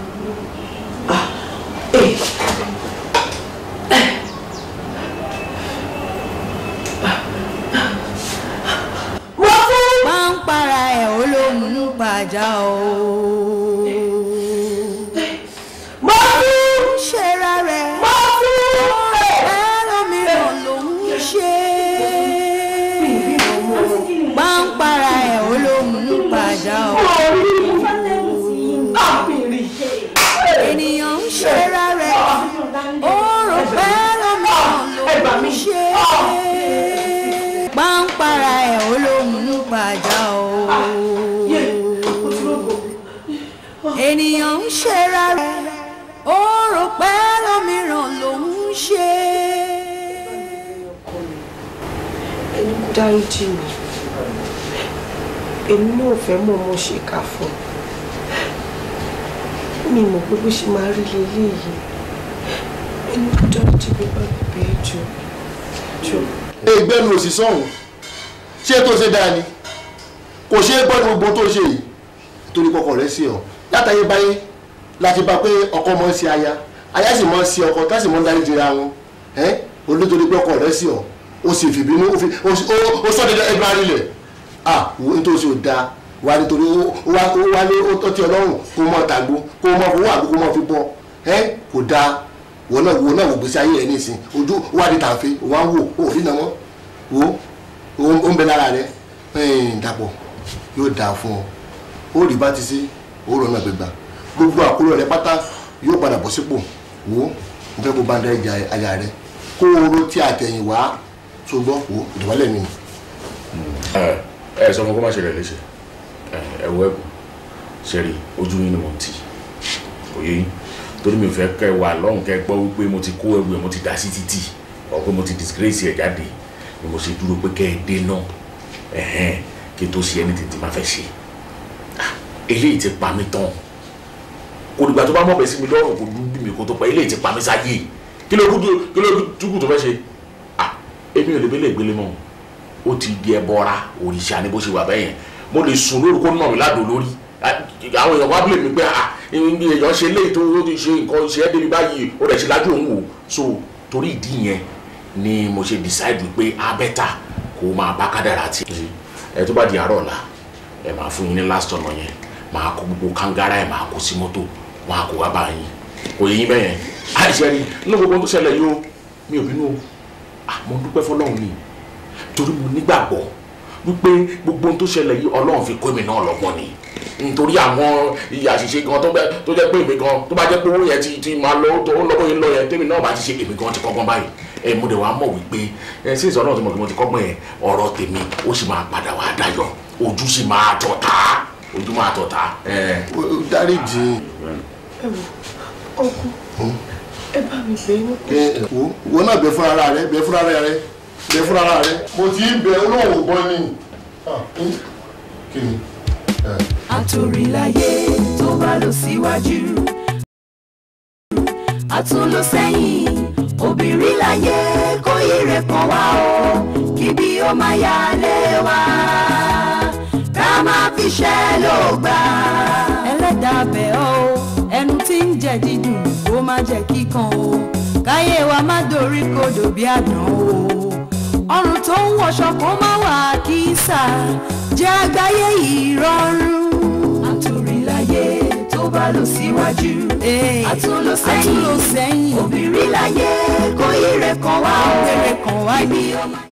dáríjì mi èmi náà fẹ́ mọ̀ mo ṣe kà fún mi mọ̀ pé bó ṣe máa rí leléyìí ẹni tó dáríjì mi bá bẹ̀ẹ́ jù jù. ẹgbẹ́nu òsì sọ̀hún ṣé tó ṣe dáa ni kò ṣe é gbọ́ ní gbogbo tó ṣe yìí torí kọkọ rẹ̀ sí ọ látàyè báyé láti bá pé ọkọ mọ́ sí aya aya sì mọ́ sí ọkọ tá sì mọ́ dáríjì ra wọn olótorí pé ọkọ rẹ̀ sí ọ ó sì fìbínú ó fi ó sọ́dọ̀dọ̀ ẹgbẹ́ arílẹ̀ à wọ́n tó sì da wà nítorí ó wá ní ó tọ́tí ọlọ́run kó mọ tàgbó kó mọ fowó àbí kó mọ fi bọ́ ẹ kò da wọ́n náà wọ́n náà wò gbèsè ayé rẹ̀ nísìn ojú wà ní tàǹfẹ́ wà ń wò ó rí nàmọ́ wò ó ń bẹ lára rẹ̀ dàpọ̀ yóò dà fún ọ ó rí bá ti sí ó rọ̀nà gbẹgbà gbogbo àkúrò rẹ pátá yóò padà bọ̀ sípò wò ó n fẹ́ kó bá ń darí aya rẹ kó o ro ti àtẹ̀yìnwá tó gbọ́ wò ìdọ̀bálẹ̀ mi ni. ẹ sọ fún kó má ṣe rẹ̀ léṣe ẹ wọ ẹ̀kú ṣẹ́rí ojú yín ni mo ti òye yín torí mi ò fẹ́ kẹ́ wà lọ́hùn kẹ́ gbọ́ wípé mo ti kó ẹrù ẹ̀ mo ti dà sí títì ọ̀ pé mo ti disgrace ẹ̀ jáde ni mo ṣe dúró pé kẹ́ ẹ dé náà ẹ̀hẹ́n kí tó ṣe ẹni tètè má fẹ́ ṣe ah, eléyìí ti pa mí tán kò dìgbà tó bá mọ̀ bẹ́ sí mi lọ́rùn kò lù mí kó tó pa eléyìí ti pa mí sáyé kí ló kú tó fẹ́ ṣe èmi ò lè bẹ́lẹ̀ gbélé mọ́ o ti di ẹbọra òrìṣà ni bó ṣe wà bẹ́yẹn mo lè sùn lórúkọ náà mi ládùn lórí àwọn èèyàn wá bílẹ̀ mi pé ah èèyàn ṣe léyìí tó ti ṣe nǹkan ṣe é débi báyìí ó rẹ̀ ṣe lájú òun wò so torí ìdí yẹn ni mo ṣe decide pé abẹ́ta kò máa bá kádàrá tí ẹ tó bá di àárọ̀ ọ̀la ẹ máa fún yín ní last ọ̀nà yẹn máa kó gbogbo kangara ẹ máa kó sí mọ́tò wọn á kó wá bá yín kò yẹ yín bẹ́yẹn àìsàn ni inú gbogbo tó ṣẹlẹ̀ yìí o mi ò bínú o àmọ́ ah, dúpẹ́ fọlọ́run ni torí mo nígbàgbọ́ wípé gbogbo ohun tó ṣẹlẹ̀ yìí ọlọ́run fi kó èmi náà lọ́gbọ́n ni nítorí àwọn iye àṣìṣe gan tó jẹ́ pé èmi gan tó bá jẹ́ pé owó yẹn ti ti máa lọ tó ń lọ́gbọ́n yẹn lọ yẹn tèmi náà bá ti ṣe èmi gan ti kọ́gbọ́n báyìí ẹ mo dẹ̀ wá mọ̀ wípé ẹ sí ìsọ̀rọ̀ náà tí mo kí mo ti kọ́gbọ́n yẹn ọ̀rọ̀ tèmi ó sì máa padà wá dayọ̀ ojú sì máa tọ̀ tá ojú máa tọ̀ tá. dáríjì. ẹ wo ọkùnrin ẹ bá mi bẹ̀ yín. ẹ wọn náà bẹ̀ fún ara rẹ bẹ̀ fún rẹ bẹ̀ fún rẹ. mo ti ń bẹ̀ olóhùn ni ah, kí ni. tó bá lọ síwájú àtúnlọ obìnrin láyé kóyè rẹ̀ kàn wá o kíbi ó máa yà lé wa ká máa fi ṣẹ́ ló gbà. ẹlẹ́dàá bẹ̀ ọ́ ẹnu tí ń jẹ dídùn ó máa jẹ kan o káyé wa má dorí kodò bí àdán o ọrùn tó ń wọṣọ kó má wà kísà jẹ́ àgbáyé ìrọ̀rùn. àtòrí láyé tó bá lọ síwájú eh, àtúnlò sẹ́yìn obìnrin láyé kó yẹrẹ kan wá o